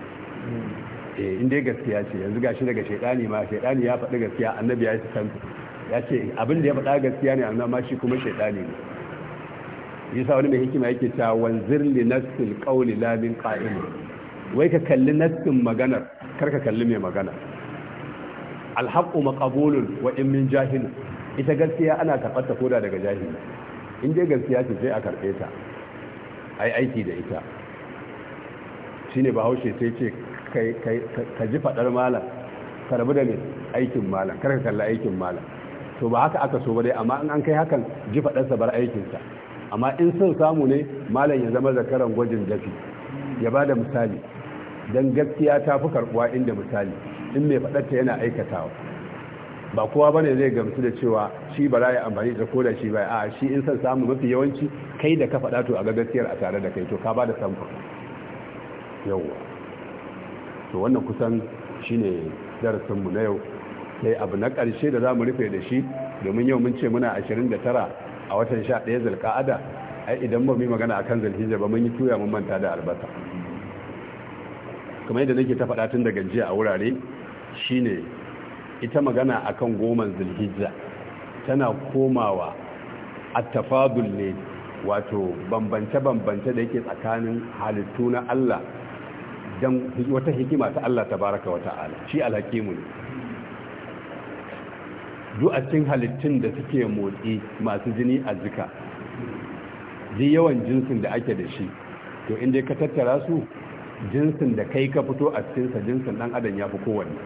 eh ya gaskiya ce yanzu gashi daga shaidani ma shaidani ya faɗi gaskiya annabi ya yi san ya ce abin da ya faɗa gaskiya ne annabi ma shi kuma shaidani ne sa wani mai hikima yake ta wanzir li nafsil qawli la min wai ka kalli nafsin maganar kar ka kalli mai magana alhaqu maqbulun wa in min jahil ita gaskiya ana karɓar ta koda daga jahili in dai gaskiya ce sai a karɓe ta a yi aiki da ita shi ne bahaushe sai ce ka ji faɗar malam ka da mai aikin malam karka kalla aikin malam to ba haka aka so ba dai amma in an kai hakan ji faɗarsa bar aikinsa amma in sun samu ne malam ya zama zakaran gwajin dafi ya ba da misali don gaskiya ta fi karɓuwa inda misali in mai faɗarta yana aikatawa ba kowa bane zai gamsu da cewa shi ba za ya amfani da koda shi ba a shi in san samu mafi yawanci kai da ka faɗa to a ga gaskiyar a tare da kai to ka ba da samfur yawwa to wannan kusan shi ne darasinmu na yau sai abu na ƙarshe da za mu rufe da shi domin yau mun ce muna 29 a watan 11 zulka'ada ai idan ba mu yi magana akan zulhijja ba mun yi tuya mun manta da albasa kamar yadda nake ta faɗa tun daga jiya a wurare shine ita magana akan goman zulhijja tana komawa tafadul ne wato bambance-bambance da yake tsakanin halittu na Allah don wata hikima ta Allah tabaraka wa ta'ala shi alhakimu ne du'acin halittun da suke motsi masu jini a jika ji yawan jinsin da ake da shi to in dai ka tattara su jinsin da kai ka fito a cikinsa jinsin dan adam ya fi kowanne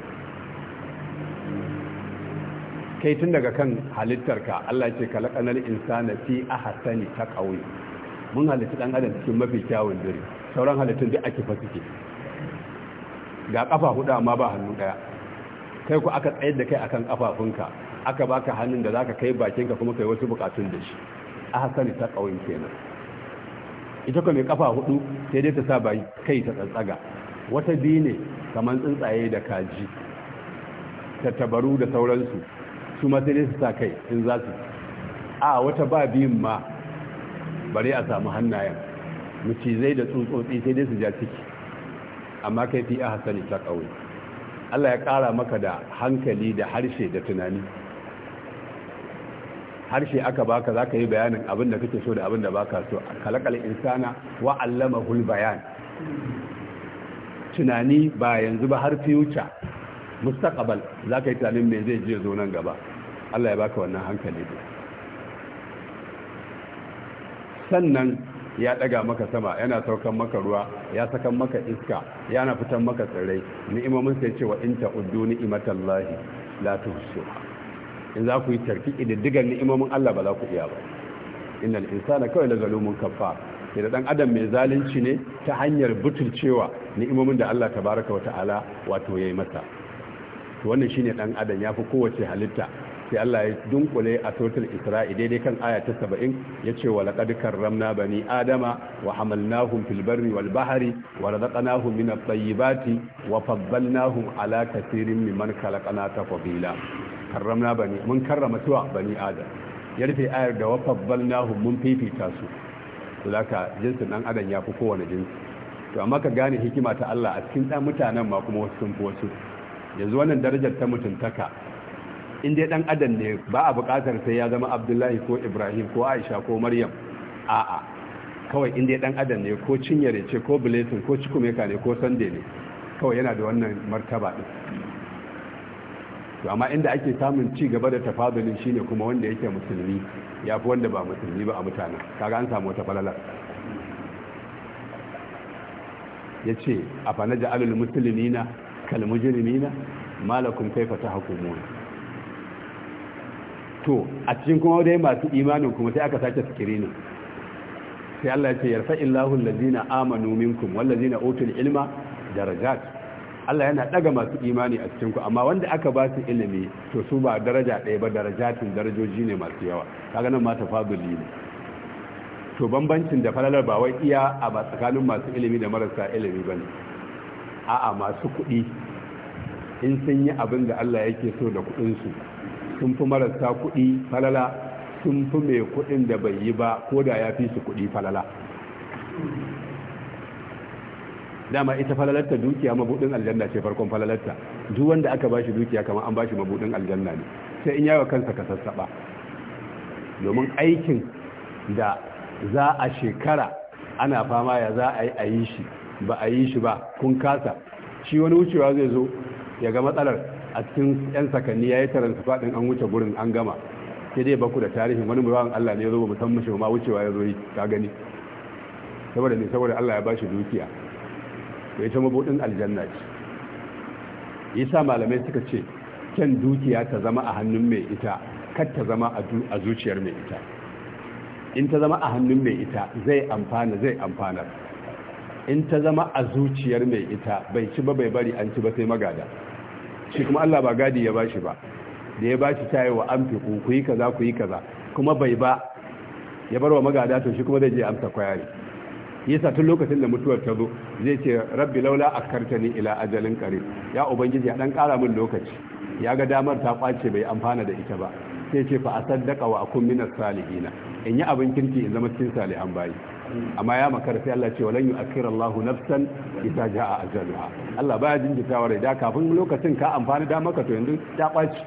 kai tun daga kan halittarka Allah ce kalakanar insana fi ahsani taqawi mun halitta dan adam cikin mafi kyawun dare sauran halittun duk ake fasu ke ga kafa hudu amma ba hannu daya kai ku aka tsayar da kai akan kafafunka aka baka hannun da zaka kai bakinka kuma kai wasu bukatun da shi ahsani taqawi kenan ita mai kafa hudu sai dai ta sa bai kai ta tsatsaga. wata biyu ne kamar tsuntsaye da kaji tattabaru da sauransu su ma sai dai su sa kai in za su a wata ba biyun ma Bari a samu hannayen mucizai da tsuntsotsi sai dai su ja ciki amma kai fi a hasali ta ƙauye Allah ya ƙara maka da hankali da harshe da tunani harshe aka baka za ka yi bayanin abin da kake so da abin da baka so kalakal insana wa allama hul bayan tunani ba yanzu ba har future mustaqbal za ka yi tunanin me zai je zo nan gaba Allah ya baka wannan hankali ne sannan ya daga maka sama yana saukan maka ruwa ya sakan maka iska yana fitan maka tsirrai ni'imomin sai cewa in uddu ni'matallahi la tuhsuha in za ku yi tarki da ni'imomin Allah ba za ku iya ba innal insana kawai la zalumun kafar da dan adam mai zalunci ne ta hanyar butulcewa ni'imomin da Allah tabaraka wa ta'ala wato yayi masa to wannan shine dan adam yafi kowace halitta sai Allah ya dunkule a total isra'i daidai kan aya ta 70 yace wa laqad karramna bani adama wa hamalnahum fil barri wal bahri wa razaqnahum min at-tayyibati wa faddalnahum ala katirin mimman khalaqna tafdila karramna bani mun karrama tuwa bani adam ya rufe ayar da wa faddalnahum mun fifita su laka jinsin dan adam ya fi kowane jinsi to amma ka gane hikima ta Allah a cikin ɗan mutanen ma kuma wasu sun fi wasu yanzu wannan darajar ta mutuntaka in dai dan adam ne ba a buƙatar sai ya zama abdullahi ko ibrahim ko aisha ko maryam a'a kawai in dai dan adam ne ko cinyare ce ko blessing ko cikumeka ne ko sande ne kawai yana da wannan martaba din to amma inda ake samun ci gaba da tafadulin shine kuma wanda yake musulmi ya fi wanda ba musulmi ba a mutane. kaga an samu wata falala ya ce a fanaja alul musulmi na kalmujirmi na malakun kaifa ta hukumuna to a cikin kuma dai masu imanin kuma sai aka sake sikiri ne sai Allah ya ce yarfa illahu allazina amanu minkum wallazina utul ilma darajat Allah yana daga masu imani a cikin ku amma wanda aka ba su ilimi to su ba daraja ɗaya ba darajatin darajoji ne masu yawa kaga nan ma tafaduli ne to bambancin da falalar ba wai iya a ba tsakanin masu ilimi da marasa ilimi bane a'a masu kuɗi in sun yi abin da Allah yake so da kuɗinsu su sun fi marasa kuɗi falala sun fi mai kuɗin da bai yi ba ko da ya fi su kuɗi falala dama ita falalarta dukiya mabudin aljanna ce farkon falalarta duk wanda aka bashi dukiya kamar an bashi mabudin aljanna ne sai in yawa kansa ka sassaba domin aikin da za a shekara ana fama ya za a yi a shi ba a yi shi ba kun kasa shi wani wucewa zai zo ya ga matsalar a cikin yan sakanni ya yi taransifa faɗin an wuce gurin an gama sai dai baku da tarihin wani wawan Allah ne ya zo ba san mashi ma wucewa ya zo yi ka gani saboda ne saboda Allah ya bashi dukiya to ita mabudin aljanna ce yasa malamai suka ce kyan dukiya ta zama a hannun mai ita kar ta zama a zuciyar mai ita in ta zama a hannun mai ita zai amfana zai amfanar in ta zama a zuciyar mai ita bai ci ba bai bari an ci ba sai magada shi kuma Allah ba gadi ya bashi ba da ya bashi ta yi wa amfi ku ku yi kaza ku yi kaza kuma bai ba ya bar wa magada to shi kuma zai je amsa kwayari yasa tun lokacin da mutuwar ta zo zai ce rabbi laula akartani ila ajalin qarib ya ubangiji ya dan kara min lokaci ya ga damar ta kwace bai amfana da ita ba sai ce fa asaddaqa wa akun minas salihina in yi abin kirki in zama cikin salihan bayi amma ya makar sai Allah ce walan yu'akhir Allah nafsan idza jaa ajalha Allah baya jinkitawa rai da kafin lokacin ka amfani da maka to yanzu ta baci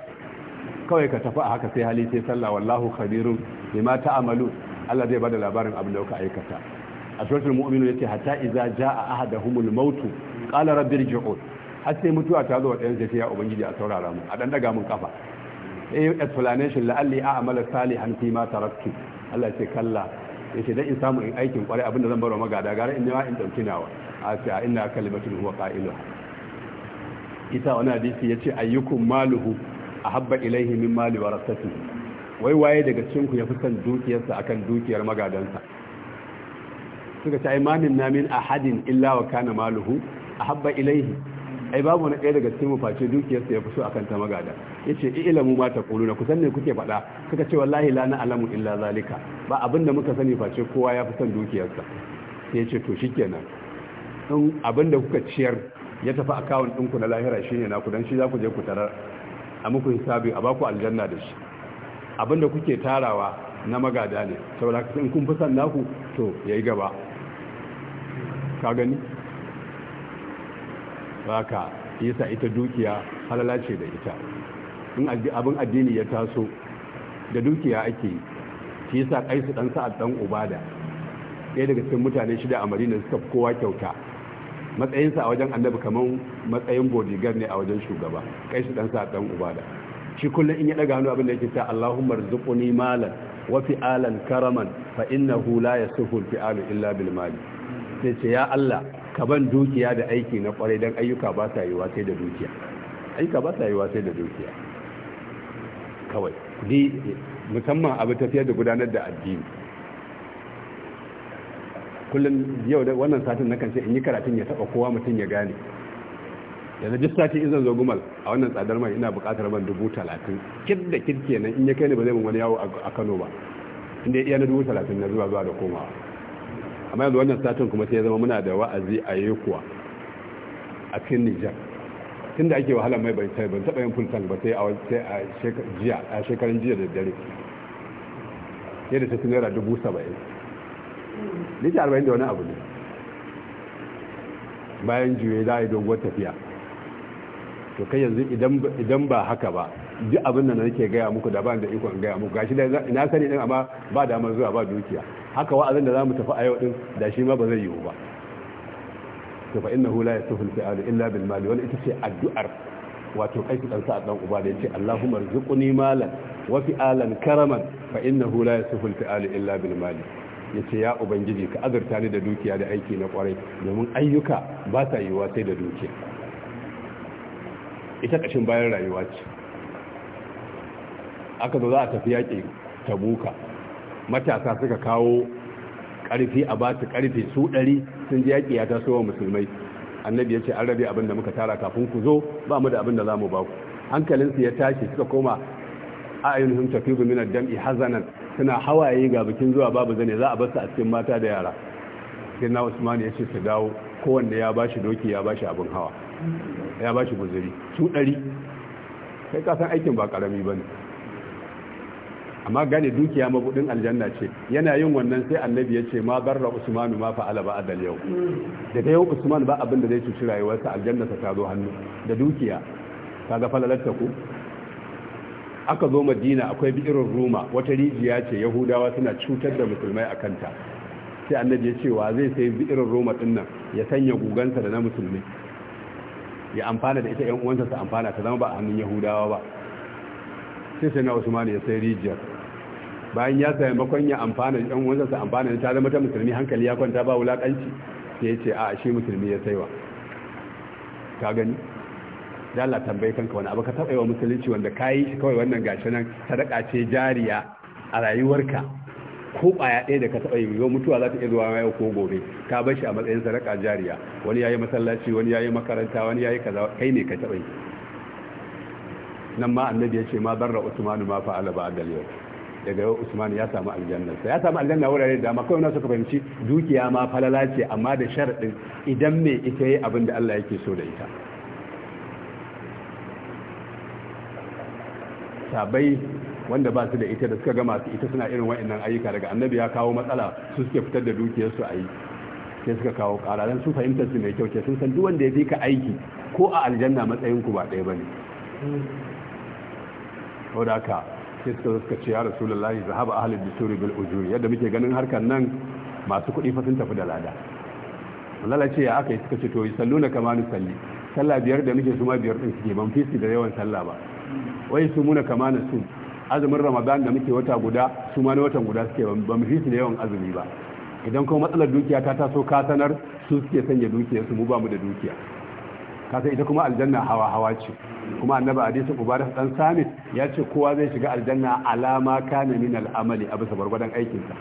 kawai ka tafi a haka sai hali sai sallah wallahu khabirun bima ta'malu Allah zai bada labarin abin da kuka aikata a suratul mu'minun yace hatta idza jaa ahaduhumul maut qala rabbi irji'un har sai mutuwa ta zo wa ɗayan a ya ubangiji a saurara mu a dan daga mun kafa eh explanation la'alli a'mala salihan fi ma taraktu Allah ce kalla ce dan in samu in aikin kwarai abinda zan barwa magada gara in yawa in dauki nawa a ce a ina kalimatun huwa qailuha ita wani hadisi yace ayyukum maluhu ahabba ilaihi min mali warasatihi wai waye daga cikin ku fi san dukiyarsa akan dukiyar magadansa suka ce ai mamin namin ahadin illa wa kana maluhu ahabba ilaihi ai babu wani ɗaya daga cikin face dukiyarsa fi so akan ta magada ya ce ilimu ba ta taquluna ku kusan ne kuke faɗa suka ce wallahi la na alamu illa zalika ba abinda muka sani face kowa ya fi son dukiyarsa ya yace to shikenan in abinda kuka ciyar ya tafi akawun ɗinku na lahira shine naku don shi za ku je ku tarar a muku hisabi a baku aljanna da shi abinda kuke tarawa na magada ne saboda in kun fi naku to yayi gaba ka gani haka sa ita dukiya halala ce da ita in abin addini ya taso da dukiya ake yi shi yasa su dan sa'ad dan ubada ɗaya daga cikin mutane shida a madina suka fi kowa kyauta matsayinsa a wajen annabi kamar matsayin bodyguard ne a wajen shugaba kaisu dan sa'ad dan ubada shi kullum in ya daga hannu abin da yake ta Allahumma rzuquni malan wa fi'alan karaman fa innahu la yasuhu al-fi'alu illa bil mali sai ce ya Allah ka ban dukiya da aiki na kwarai dan ayyuka ba sa yiwa sai da dukiya ayyuka ba sa yiwa sai da dukiya kawai musamman abu tafiyar da gudanar da addini kullum yau da wannan satin na kance in yi karatun ya taba kowa mutum ya gane yanzu duk sati in zan zo gumal a wannan tsadar mai ina buƙatar ban dubu talatin kid da kid kenan in ya kai ni ba zai mun wani yawo a kano ba inda ya iya na dubu talatin na zuwa zuwa da komawa amma yanzu wannan satin kuma sai ya zama muna da wa'azi a yekuwa a cikin nijar tun da ake wahala mai bai sai ban taɓa yin full tank ba sai a a shekarun jiya da dare yadda ta tafi naira dubu saba'in nita arba'in da wani abu ne bayan juye za a yi doguwar tafiya to kai yanzu idan ba haka ba duk abin da nake gaya muku da ba da ikon gaya muku gashi da na sani din amma ba damar zuwa ba dukiya haka wa'azin da za mu tafi a yau din da shi ma ba zai yiwu ba to fa innahu la yasuhul fi'alu illa bil mali wal ita ce addu'ar wato aiki dan sa dan uba da yace Allahumma rzuqni malan wa fi'alan karaman fa innahu la yasuhul fi'alu illa bil mali yace ya ubangiji ka azurta ni da dukiya da aiki na kwarai domin ayyuka ba sa yiwa sai da dukiya ita kashin bayan rayuwa ce aka zo za a tafi yaƙi tabuka matasa suka kawo karfi a ba su karfi su ɗari sun ji yaƙi ya taso wa musulmai annabi ya ce an rabe abin da muka tara kafin ku zo ba mu da abin da za mu ba ku hankalinsu ya tashi suka koma a sun tafi minar dam'i hazanan suna hawaye ga bikin zuwa babu zane za a basu a cikin mata da yara sai na usman ya ce su dawo kowanne ya ba shi doki ya ba shi abin hawa ya ba shi guzuri su ɗari sai kasan aikin ba ƙarami ba ne amma gane dukiya mabudin aljanna ce yana yin wannan sai annabi ya ce ma barra usmanu ma fa'ala ba adal yau daga yau usman ba abin da zai cuci rayuwarsa aljanna ta zo hannu da dukiya kaga falalatta ku aka zo madina akwai bi'irin roma wata rijiya ce yahudawa suna cutar da musulmai a kanta sai annabi ya ce wa zai sai bi'irin roma din nan ya sanya gugansa da na musulmi ya amfana da ita yan uwansa su amfana ta zama ba a hannun yahudawa ba sai sai na usman ya sai rijiyar bayan ya sami makon ya amfana yan wanzan su amfana ta zama ta musulmi hankali ya kwanta ba wulakanci sai ya ce a shi musulmi ya saiwa ka gani da Allah tambaye kanka wani abu ka taɓa wa musulunci wanda ka yi shi kawai wannan gashi nan sadaka ce jariya a rayuwarka ko ɓaya ɗaya da ka taɓa yi yau mutuwa za ta iya zuwa yau ko gobe ka bar shi a matsayin sadaka jariya wani yayi masallaci wani yayi makaranta wani yayi kaza kai ne ka taɓa yi nan ma annabi ya ce ma barra usmanu ma fa'ala ba'da al-yawm daga usman ya samu aljanna ya samu aljanna wurare da makai na suka fahimci dukiya ma falala ce amma da sharadin idan me ita yi abin da Allah yake so da ita sabai wanda ba su da ita da suka gama su ita suna irin wa'annan ayyuka daga annabi ya kawo matsala su suke fitar da dukiyarsu a yi sai suka kawo ƙara don su fahimtar su mai kyau ce sun san duk wanda ya fi ka aiki ko a aljanna matsayin ku ba ɗaya bane ne. ka sai suka suka ce ya rasulullahi zahaba ahlul bisuri bil ujuri yadda muke ganin harkar nan masu kuɗi fa sun tafi da lada lalace ce ya aka yi suka ce to salluna kama ni salli sallah biyar da muke su biyar din suke ban fisi da yawan sallah ba wai su muna kama na su azumin ramadan da muke wata guda su ma na watan guda suke ban fisi da yawan azumi ba idan kuma matsalar dukiya ta taso ka sanar su suke sanya dukiyarsu mu ba mu da dukiya kasa ita kuma aljanna hawa hawa ce kuma annabi hadisin ubadah dan samit ya ce kowa zai shiga aljanna alama kana min al'amali a bisa gwargwadon aikinsa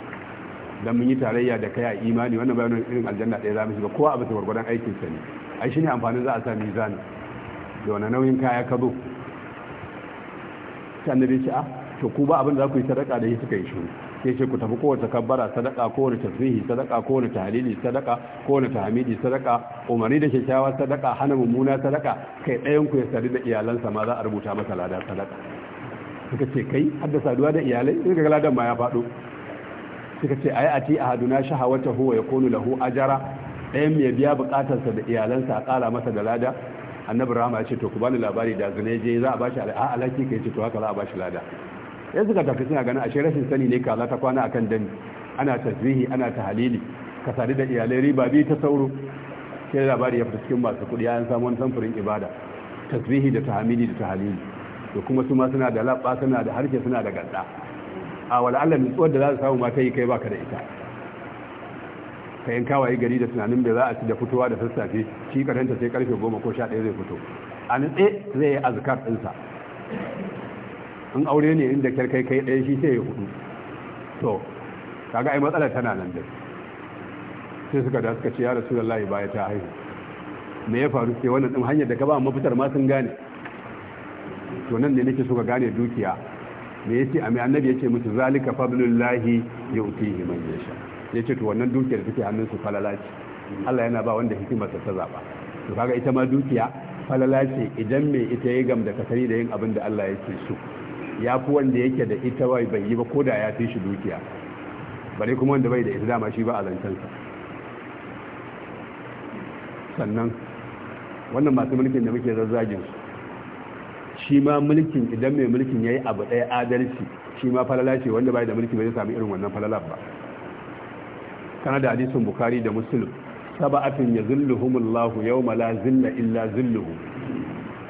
dan mun yi tarayya da kai a imani wannan bayanin irin aljanna ɗaya za mu shiga kowa a bisa gwargwadon aikinsa ne ai shine amfani za a sa mizani da wani nauyin kaya ka zo sai annabi a ah, to ku ba abin da za ku yi sadaka da yi suka yi shiru sai ce ku tafi kowace kabbara sadaka wani tasbihi sadaka wani tahlili sadaka wani tahmidi sadaka umarni da kyakkyawa sadaka hana mummuna sadaka kai ɗayan ku ya sadu da iyalansa ma za a rubuta masa lada sadaka suka ce kai hadda saduwa da iyalai in ga ladan ma ya faɗo suka ce ayi ati ahaduna shahawata huwa yakunu lahu ajara ɗayan mai biya bukatarsa da iyalansa a ƙara masa da lada annabi rahama ya ce to ku bani labari da zane je za a bashi al'a alaki kai ce to haka za a bashi lada sai suka tafi suna ganin ashe rashin sani ne kaza ta kwana akan dami ana tasbihi ana tahalili ka sadu da iyalai riba biyu ta sauro sai labari ya fita cikin masu kudi ya samu wani samfurin ibada tasbihi da tahamidi da tahalili da kuma su ma suna da labba suna da harshe suna da ganda a wala Allah da za su samu ma kai kai baka da ita ka yanka kawai gari da tunanin da za a ci da fitowa da sassafe shi karanta sai karfe goma ko sha ɗaya zai fito a nutse zai yi azkar ɗinsa An aure ne inda kai kai ɗaya shi sai ya hudu to kaga ai matsala tana nan da sai suka da suka ce ya rasulullahi baya ta haihu me ya faru sai wannan din hanyar da ka ba mafitar ma sun gane to nan ne nake so ka gane dukiya me yace a mai annabi yace musu zalika fadlullahi yu'tihi man yasha yace to wannan dukiyar da take hannun su falala ce Allah yana ba wanda hikima ta zaba to kaga ita ma dukiya falala ce idan me ita ya da kasari da yin abin da Allah yake so ya fi wanda yake da ita wai bai yi ba ko da ya fi shi dukiya bare kuma wanda bai da ita dama shi ba a zancensa sannan wannan masu mulkin da muke zazzagin su shi ma mulkin idan mai mulkin ya yi abu daya adalci shi ma falala ce wanda bai da mulki bai sami irin wannan falala ba kana da hadisin bukari da muslim saba'atin ya zilluhumullahu yau la zilla illa zilluhu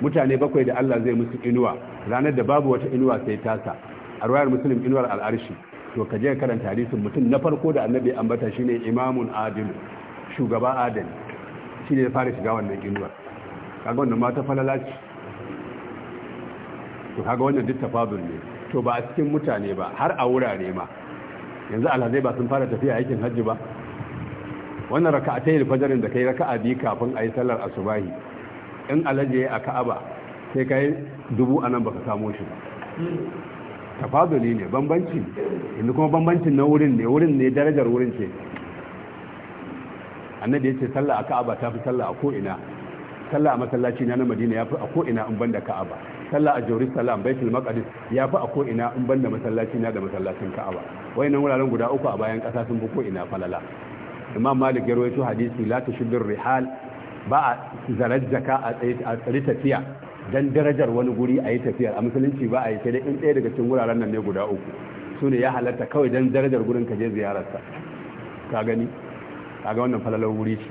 mutane bakwai da Allah zai musu inuwa ranar da babu wata inuwa sai tasa a ruwayar musulun inuwar al'arshi to ka je karanta hadisin mutum na farko da annabi shi shine imamun adil shugaba adal shine ne fara shiga wannan inuwar kaga wannan ma ta falala ce to kaga wannan duk tafadul ne to ba a cikin mutane ba har a wurare ma yanzu alhazai ba sun fara tafiya aikin hajji ba wannan raka'atai da fajarin da kai raka'a bi kafin a yi sallar asubahi in alaje a ka'aba sai kai dubu anan ka samo shi ba tafaduli ne bambanci inda kuma bambancin na wurin ne wurin ne darajar wurin ce annabi ya ce sallah a ka'aba ta fi sallah a ko'ina sallah a masallaci na na madina ya fi a ko'ina in banda ka'aba sallah a jerusalem baitul maqdis ya fi a ko'ina in banda masallaci na da masallacin ka'aba wayannan wuraren guda uku a bayan kasa sun fi ko'ina falala imam malik ya rawaito hadisi la tushiddur rihal ba a zarar jaka a tsari tafiya don darajar wani guri a yi tafiya a musulunci ba a yi sai in ɗaya daga cikin wuraren nan ne guda uku su ne ya halatta kawai don darajar gurin ka je ziyararsa ka gani ka ga wannan falalar wuri ce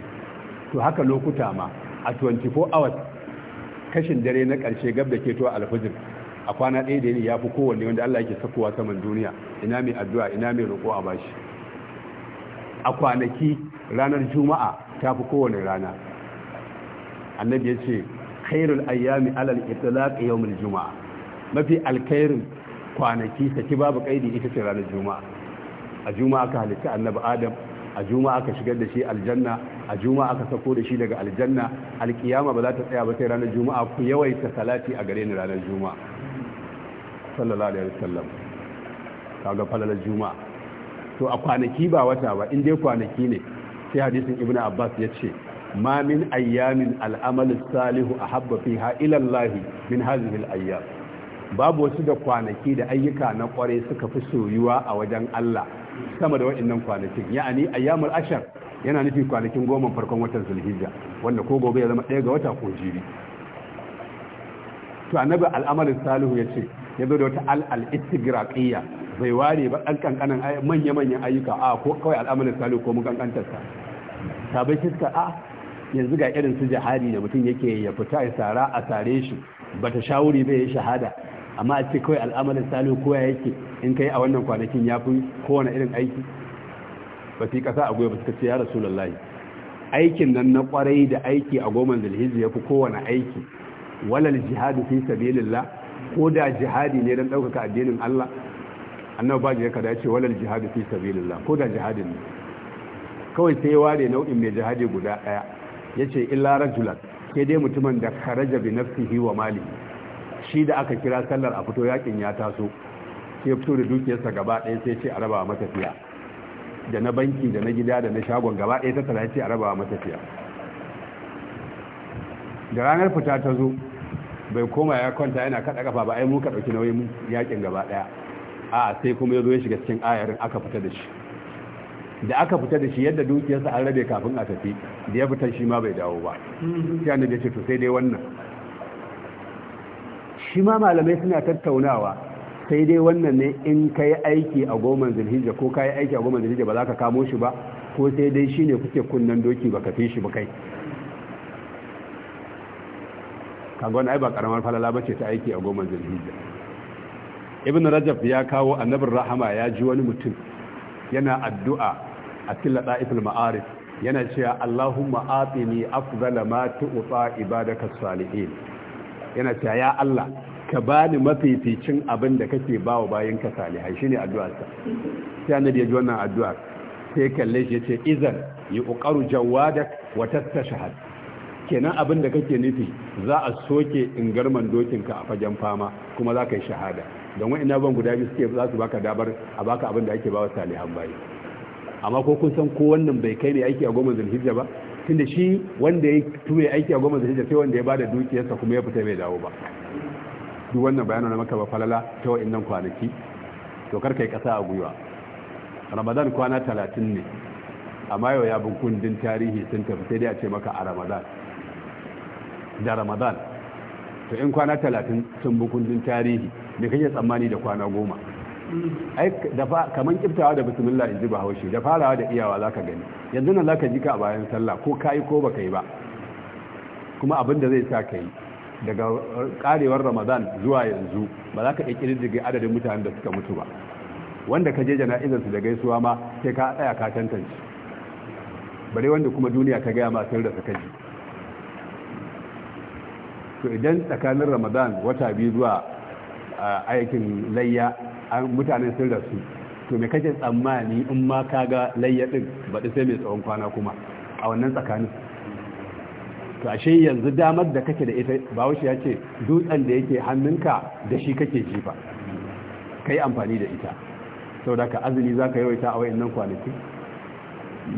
to haka lokuta ma a 24 hours kashin dare na ƙarshe gab da ke to alfajir a kwana ɗaya da ya fi kowanne wanda Allah yake sakowa saman duniya ina mai addu'a ina mai roƙo a bashi a kwanaki ranar juma'a ta fi kowane rana annabi ya ce khairul ayyami alal itlaq yawmul juma'a mafi alkhairin kwanaki saki babu kaidi ita ce ranar juma'a a juma'a aka halitta annabi adam a juma'a aka shigar da shi aljanna a juma'a aka sako da shi daga aljanna alkiyama ba za ta tsaya ba sai ranar juma'a ku yawaita salati a gare ni ranar juma'a sallallahu alaihi wasallam kaga falalar juma'a to a kwanaki ba wata ba in dai kwanaki ne sai hadisin ibnu abbas ya ce ma min ayyamin al'amalin salihu a fiha ha'ilallahi min hadhihi al-ayyam babu wasu da kwanaki da ayyuka na kware suka fi soyuwa a wajen Allah sama da waɗannan kwanakin ya'ani ayyamul ashar yana nufi kwanakin goma farkon watan zulhijja wanda ko gobe ya zama ɗaya ga wata ko jiri to annabi al'amalin salihu ya ce ya zo da wata al'al'istigiraƙiyya bai ware ba ɗan ƙanƙanan manya-manyan ayyuka a ko kawai al'amalin salihu ko mun ta sabai kiska a yanzu ga irin su jihadi da mutum yake ya fita ya sara a sare shi ba bata shawuri bai yi shahada amma a ce kawai al'amarin salo kowa yake in kai a wannan kwanakin ya fi kowane irin aiki ba su yi ƙasa a ba suka ce ya rasulullahi aikin nan na kwarai da aiki a goma zulhijji ya fi kowane aiki walal jihadi fi sabilillah ko da jihadi ne don ɗaukaka addinin Allah annabi baji ya kada ce walal jihadi fi sabilillah ko da jihadin ne kawai sai ware nau'in mai jihadi guda ɗaya ya yace illa rajulan ke dai mutumin da karaja bi nafsihi wa mali shi da aka kira sallar a fito yakin ya taso sai fito da dukiyarsa gaba ɗaya sai ce a raba matafiya da na banki da na gida da na shagon gaba ɗaya ta tara ce a raba matafiya da ranar fita ta zo bai koma ya kwanta yana kaɗa kafa ba ai mu ka ɗauki nauyin yakin gaba ɗaya a sai kuma ya zo ya shiga cikin ayarin aka fita da shi da aka fita da shi yadda dukiyarsa an rabe kafin a tafi da ya fita shi ma bai dawo ba sai annabi da ce to sai dai wannan shi ma malamai suna tattaunawa sai dai wannan ne in ka yi aiki a goman zulhijja ko ka yi aiki a goman zulhijja ba za ka kamo shi ba ko sai dai shi ne kuke kunnen doki ba ka fi shi ba kai kagon ai ba karamar falala ba ce ta aiki a goman zulhijja ibn rajab ya kawo annabin rahama ya ji wani mutum yana addu'a a cikin lada'iful ma'arif yana cewa Allahumma atini afdala ma tu'ta ibadaka salihin yana cewa ya Allah ka bani mafificin abin da kake bawa ka salihai shine addu'ar ta. sai annabi ya ji wannan addu'ar sai kalle shi yace idan yuqaru jawadak wa tastashhad kenan abin da kake nufi za a soke in ingarman ka a fagen fama kuma za ka yi shahada don wa'ina ban guda biyu suke za su baka dabar a baka abin da ake bawa salihan bayi amma ko kun san ko wannan bai kai ne aiki a goma zulhijja ba tunda shi wanda ya tuye aiki a goma zulhijja sai wanda ya bada dukiyarsa kuma ya fita bai dawo ba duk wannan bayanan na maka ba falala ta wa'annan kwanaki to kar kai kasa a gwiwa ramadan kwana talatin ne amma yau ya bin kundin tarihi sun tafi sai dai a ce maka a ramadan da ramadan to in kwana talatin sun bi kundin tarihi da kake tsammani da kwana goma ai da fa kaman kiftawa da bismillah inji ba haushi da farawa da iyawa zaka gani yanzu nan zaka ji ka a bayan sallah ko kai ko baka yi ba kuma abin da zai sa ka yi daga karewar ramadan zuwa yanzu ba za ka iya kirdige adadin mutanen da suka mutu ba wanda ka je jana'izarsu da gaisuwa ma sai ka tsaya ka tantance bare wanda kuma duniya ta gaya ma da rasa ji. to idan tsakanin ramadan wata biyu zuwa aikin layya mutane sun rasu to me kake tsammani in ma ka ga layyaɗin baɗi sai mai tsawon kwana kuma a wannan tsakanin to ashe yanzu damar da kake da ita bawashi ya ce dutsen da yake hannunka da shi kake jifa yi amfani da ita sau da ka azumi za ka yawaita a wa'in kwanaki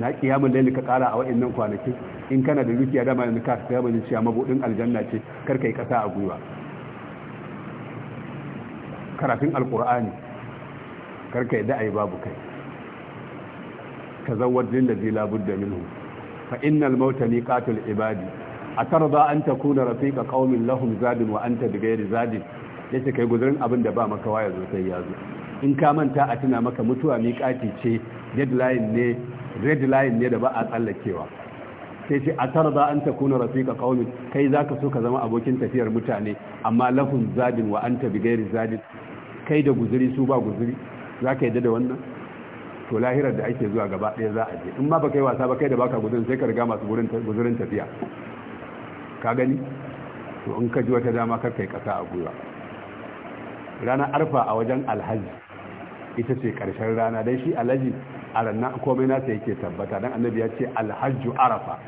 na kiyamun laili ka kara a wa'in kwanaki in kana da dukiya dama yanzu ka ta yamin cewa mabudin aljanna ce karka yi kasa a gwiwa karatun alkur'ani karka yi da'ai babu kai ka zawar zila budda minhu fa innal mauta liqatul ibadi atarda an takuna rafiqa qaumin lahum zadin wa anta bighairi zadin yace kai guzurin abin da ba maka waya zo sai ya zo in ka manta a tuna maka mutuwa qati ce deadline ne red line ne da ba a tsallakewa sai ce a tarda an takuna rafiqa qaumin kai zaka so ka zama abokin tafiyar mutane amma lahum zadin wa anta bighairi zadin kai da guzuri su ba guzuri za ka yadda da wannan to lahirar da ake zuwa gaba ɗaya za a je in ma ba kai wasa ba kai da baka gudun sai ka riga masu guzurin tafiya ka gani to in ka ji wata dama kar kai ƙasa a gwiwa ranar arfa a wajen alhaji ita ce ƙarshen rana dan shi alhaji a ranar komai nasa yake tabbata don annabi ya ce Alhaju arafa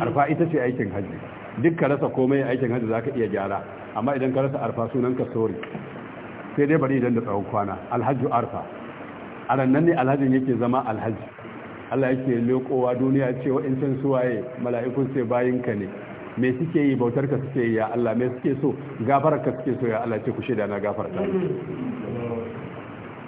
arfa ita ce aikin hajji duk ka rasa komai aikin hajji za ka iya gyara amma idan ka rasa arfa sunan ka sori sai dai bari idan da tsawon kwana alhaji arfa a nan ne alhajin yake zama alhaji Allah yake lekowa duniya ce wa'incan suwaye mala'ikun sai ka ne me suke yi bautar ka suke yi ya Allah me suke so gafarar ka suke so ya Allah ce ku shaida na ta.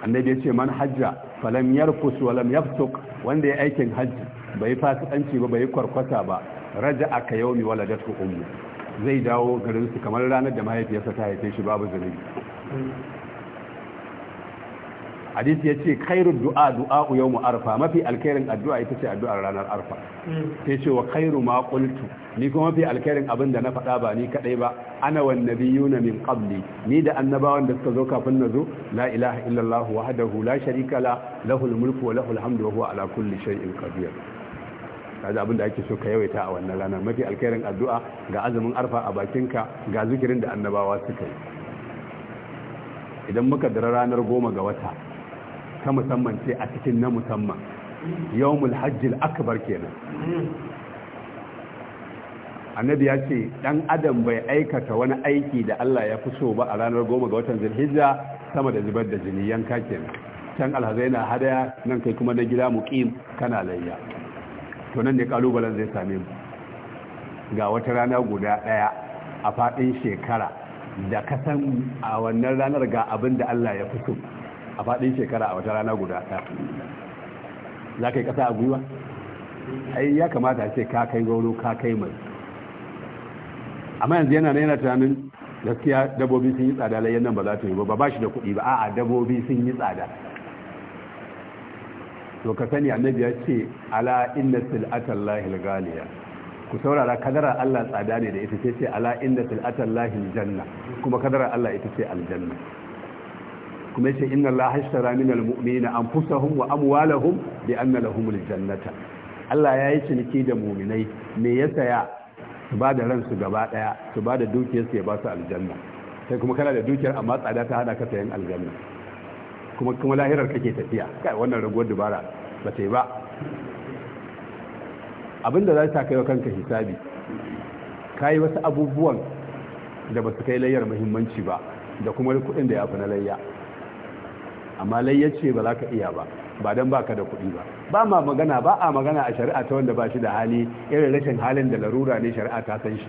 annabi ya ce man hajja falam yarfus walam yafsuk wanda ya aikin hajji bai fasikanci ba bai kwarkwata ba raja aka yaumi waladatu ummu zai dawo garin su kamar ranar da mahaifiyarsa ta haife shi babu zunubi hadisi ya ce kairu du'a du'a yau arfa mafi alkairin addu'a ita ce addu'ar ranar arfa hmm. sai ce wa kairu ma kultu ni kuma mafi alkairin abin da na faɗa ba ni kadai ba ana wan na min qabli ni da annabawan da suka zo kafin na zo la ilaha illallah wahdahu la sharika la lahul mulku wa lahul hamdu wa huwa ala kulli shay'in qadir kaza abin da ake so ka yawaita a wannan ranar mafi alkairin addu'a ga azumin arfa a bakinka ga zikirin da annabawa suka yi idan muka dara ranar goma ga wata ta musamman ce a cikin na musamman yau mulhajjil akbar kenan annabi ya ce ɗan adam bai aikata wani aiki da Allah ya fi so ba a ranar goma ga watan zulhijja sama da zubar da jini yanka kenan can alhazai na hadaya nan kai kuma na gida muƙim kana layya to nan ne kalubalen zai same mu ga wata rana guda ɗaya a faɗin shekara da kasan a wannan ranar ga abin da Allah ya fi so a faɗin shekara a wata rana guda ta za ka yi ƙasa a gwiwa ai ya kamata ce ka kai gauru ka kai mai amma yanzu yana na yana tunanin gaskiya dabobi sun yi tsada layan nan ba za ta yi ba ba shi da kuɗi ba a'a dabobi sun yi tsada to ka sani annabi ya ce ala inna sil'atallahi lahil galiya ku saurara kadarar Allah tsada ne da ita ce ala inna sil'atallahi lahil janna kuma kadarar Allah ita ce aljanna kuma yace inna allaha hashtara min almu'minina anfusahum wa amwalahum bi anna lahumul Allah ya yi ciniki da muminai me ya saya su ba da ransu gaba daya su ba da su ya ba su aljanna sai kuma kana da dukiyar amma tsada ta hada ka sayan aljanna kuma kuma lahirar kake tafiya kai wannan raguwar dubara ba ta yi ba abinda za ta kaiwa kanka hisabi ka wasu abubuwan da ba su kai layyar muhimmanci ba da kuma kuɗin da ya fi na layya amma lai ya ce ba za ka iya ba ba don baka da kuɗi ba ba ma magana ba a magana a shari'a ta wanda ba shi da hali irin rashin halin da larura ne shari'a ta san shi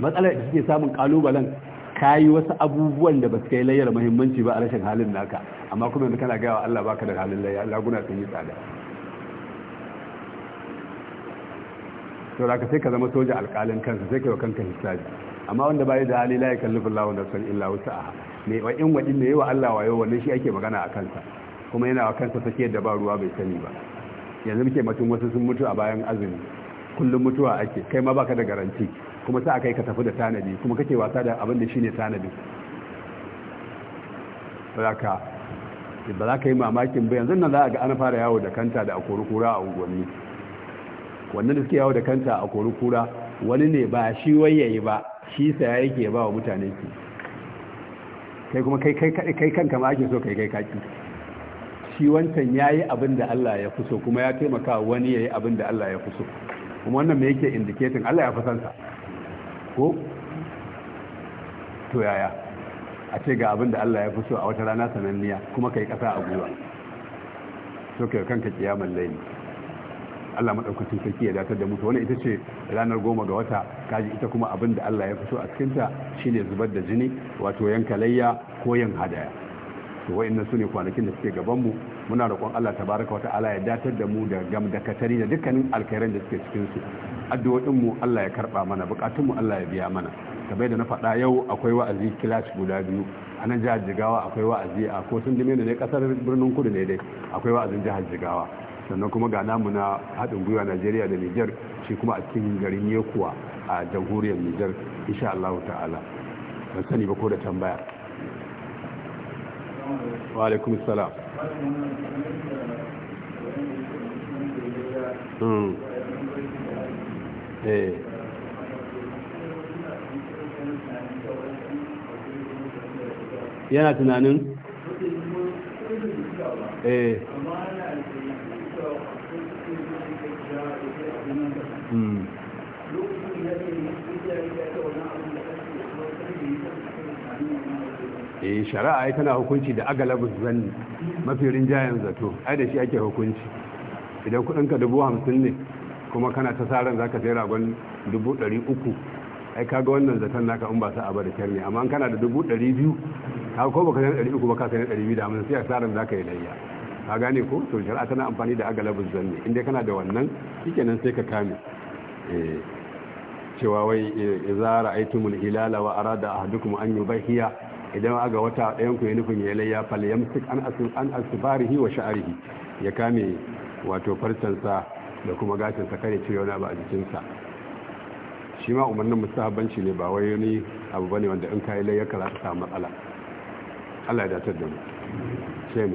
matsalar da suke samun kalubalen ka yi wasu abubuwan da ba su kai layyar muhimmanci ba a rashin halin naka amma kuma yanzu kana wa Allah baka da halin allah laguna sun yi tsada to da ka sai ka zama soja alkalin kansa sai ka yi wa kanka hisabi amma wanda ba yi da hali la lawan Allahu san illa wasu haka. mai wa'in wa'in ya yi wa Allah wayo wannan shi ake magana a kansa kuma yana wa kansa sake da ba ruwa bai sani ba yanzu muke mutum wasu sun mutu a bayan azumi kullum mutuwa ake kai ma baka da garanti kuma sa kai ka tafi da tanadi kuma kake wasa da abin da shine tanadi ba za ka yi mamakin ba yanzu nan za a ga ana fara yawo da kanta da akorukura a unguwanni wannan da suke yawo da kanta a akorukura wani ne ba shi wayaye ba shi sa yake ba wa mutane ki kai kuma kai kai kanka ma ake so kai kai kaki shi wancan ya yi abin da Allah ya fi so kuma ya taimaka wani ya yi abin da Allah ya fi so kuma wannan me yake indiketin Allah ya fi sansa ko to yaya a ce ga abin da Allah ya fi so a wata rana sananniya kuma kai kasa a guba so kai kanka kiyamar laili Allah madaukakin sarki ya datar da mu to wannan ita ce ranar goma ga wata kaji ita kuma abin da Allah ya fito a cikinta shine zubar da jini wato yanka layya ko yin hadaya to wayannan sune kwanakin da suke gaban mu muna roƙon Allah tabaraka wa ta'ala ya datar da mu da gamdakatari da dukkanin alkhairan da suke cikin su addu'o'in mu Allah ya karba mana bukatun mu Allah ya biya mana kamar da na faɗa yau akwai wa'azi kilas guda biyu a nan jihar jigawa akwai wa'azi a kotun dime ne ne kasar birnin kudu ne dai akwai wa'azin jihar jigawa sannan kuma ga namu na haɗin gwiwa najeriya da Nijar shi kuma a cikin garin yekuwa a jamhuriyar Nijar insha allahu ta'ala ban sani ba ko da tambaya wa alaikum salam hmm. eh. yana tunanin eh Hmm. eh shari'a ya tana hukunci da agalabus zan mafi rinjayen zato ai da shi ake hukunci idan kudinka dubu hamsin ne kuma kana ta tsarin za ka sai ragon dubu ɗari uku ai kaga wannan zaton naka in ba sa abu da kyar ne amma kana da dubu ɗari biyu ka ko ka san ɗari uku ba ka san ɗari biyu da amma sai a tsarin za ka yi layya ka gane ko to shari'a tana amfani da agalabin zanni inda kana da wannan shikenan sai ka kame eh, cewa wai ra'aitu eh, ra'aytumul hilala wa arada ahadukum an yubahiya idan aga wata ɗayan ku ya nufin ya layya fal yamsik an an asbarihi wa sha'rihi ya kame wato farcensa da kuma gashin sa kare cire wani ba a jikinsa sa shi ma umarnin musahabanci ne ba wai ni abu bane wanda in kai layya ka za samu matsala Allah ya datar da mu sai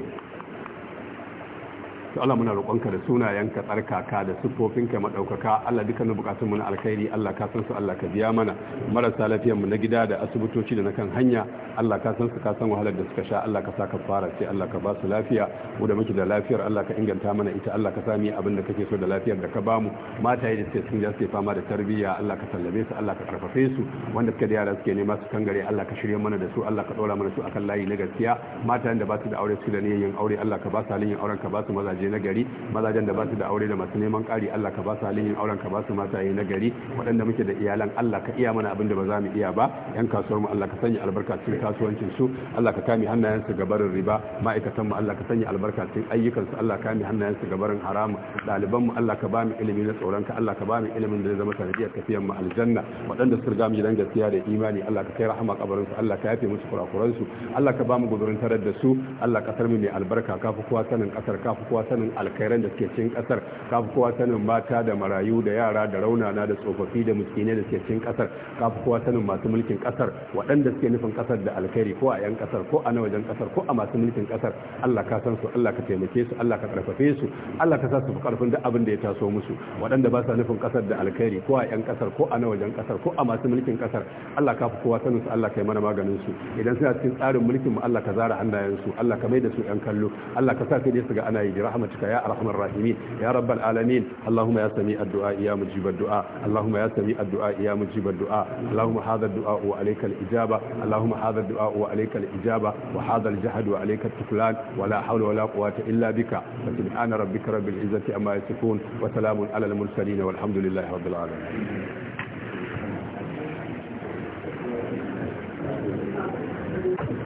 to Allah muna roƙonka da sunayenka tsarkaka da siffofinka madaukaka Allah dukkanin bukatun mu na alkhairi Allah ka san su Allah ka biya mana marasa lafiyar mu na gida da asibitoci da na kan hanya Allah ka san su ka san wahalar da suka sha Allah ka sa ka fara sai Allah ka ba su lafiya mu da muke da lafiyar Allah ka inganta mana ita Allah ka sami abin da kake so da lafiyar da ka ba mu mataye da suke sun ja suke fama da tarbiyya Allah ka sallame su Allah ka karfafe su wanda suke da yara suke nema su kangare Allah ka shirye mana da su Allah ka dora mana su akan layi na gaskiya matayen da ba su da aure su da niyyar yin aure Allah ka ba su halin yin auren ka ba su mazaje mazaje na gari mazajen da ba su da aure da masu neman ƙari Allah ka ba su halin yin auren ka ba su mataye na gari waɗanda muke da iyalan Allah ka iya mana abin da ba za mu iya ba yan kasuwar mu Allah ka sanya albarka cikin kasuwancin su Allah ka kame hannayen su gabarin riba ma'aikatan mu Allah ka sanya albarka cikin ayyukan su Allah ka kame hannayen su gabarin haramu ɗaliban mu Allah ka ba mu ilimi na tsoron ka Allah ka ba mu ilimin da zai zama sanadiyar tafiyar mu aljanna waɗanda su riga mu gidan gaskiya da imani Allah ka kai rahama kabarin su Allah ka yafe musu kurakuran su Allah ka ba mu gudurin tarar da su Allah ka mu mai albarka kafi kowa sanin kasar kafi kowa sanin alkhairan da suke cin kasar kafi kowa sanin mata da marayu da yara da raunana da tsofaffi da miskinai da suke cin kasar kafi kowa sanin masu mulkin kasar waɗanda suke nufin kasar da alkhairi ko a yan kasar ko a na wajen kasar ko a masu mulkin kasar Allah ka san su Allah ka taimake su Allah ka karfafe su Allah ka sa su karfin duk abin da ya taso musu waɗanda ba sa nufin kasar da alkhairi ko a yan kasar ko a na wajen kasar ko a masu mulkin kasar Allah ka fi kowa sanin su Allah ka yi mana maganin su idan suna cikin tsarin mulkin mu Allah ka zara hannayen su Allah ka mai da su yan kallo Allah ka sa su ne su ga ana yi rahama برحمتك يا أرحم الراحمين يا رب العالمين اللهم يا سميع الدعاء يا مجيب الدعاء اللهم يا سميع الدعاء يا مجيب الدعاء اللهم هذا الدعاء وعليك الإجابة اللهم هذا الدعاء وعليك الإجابة وهذا الجهد وعليك التكلان ولا حول ولا قوة إلا بك فسبحان ربك رب العزة أما يصفون وسلام على المرسلين والحمد لله رب العالمين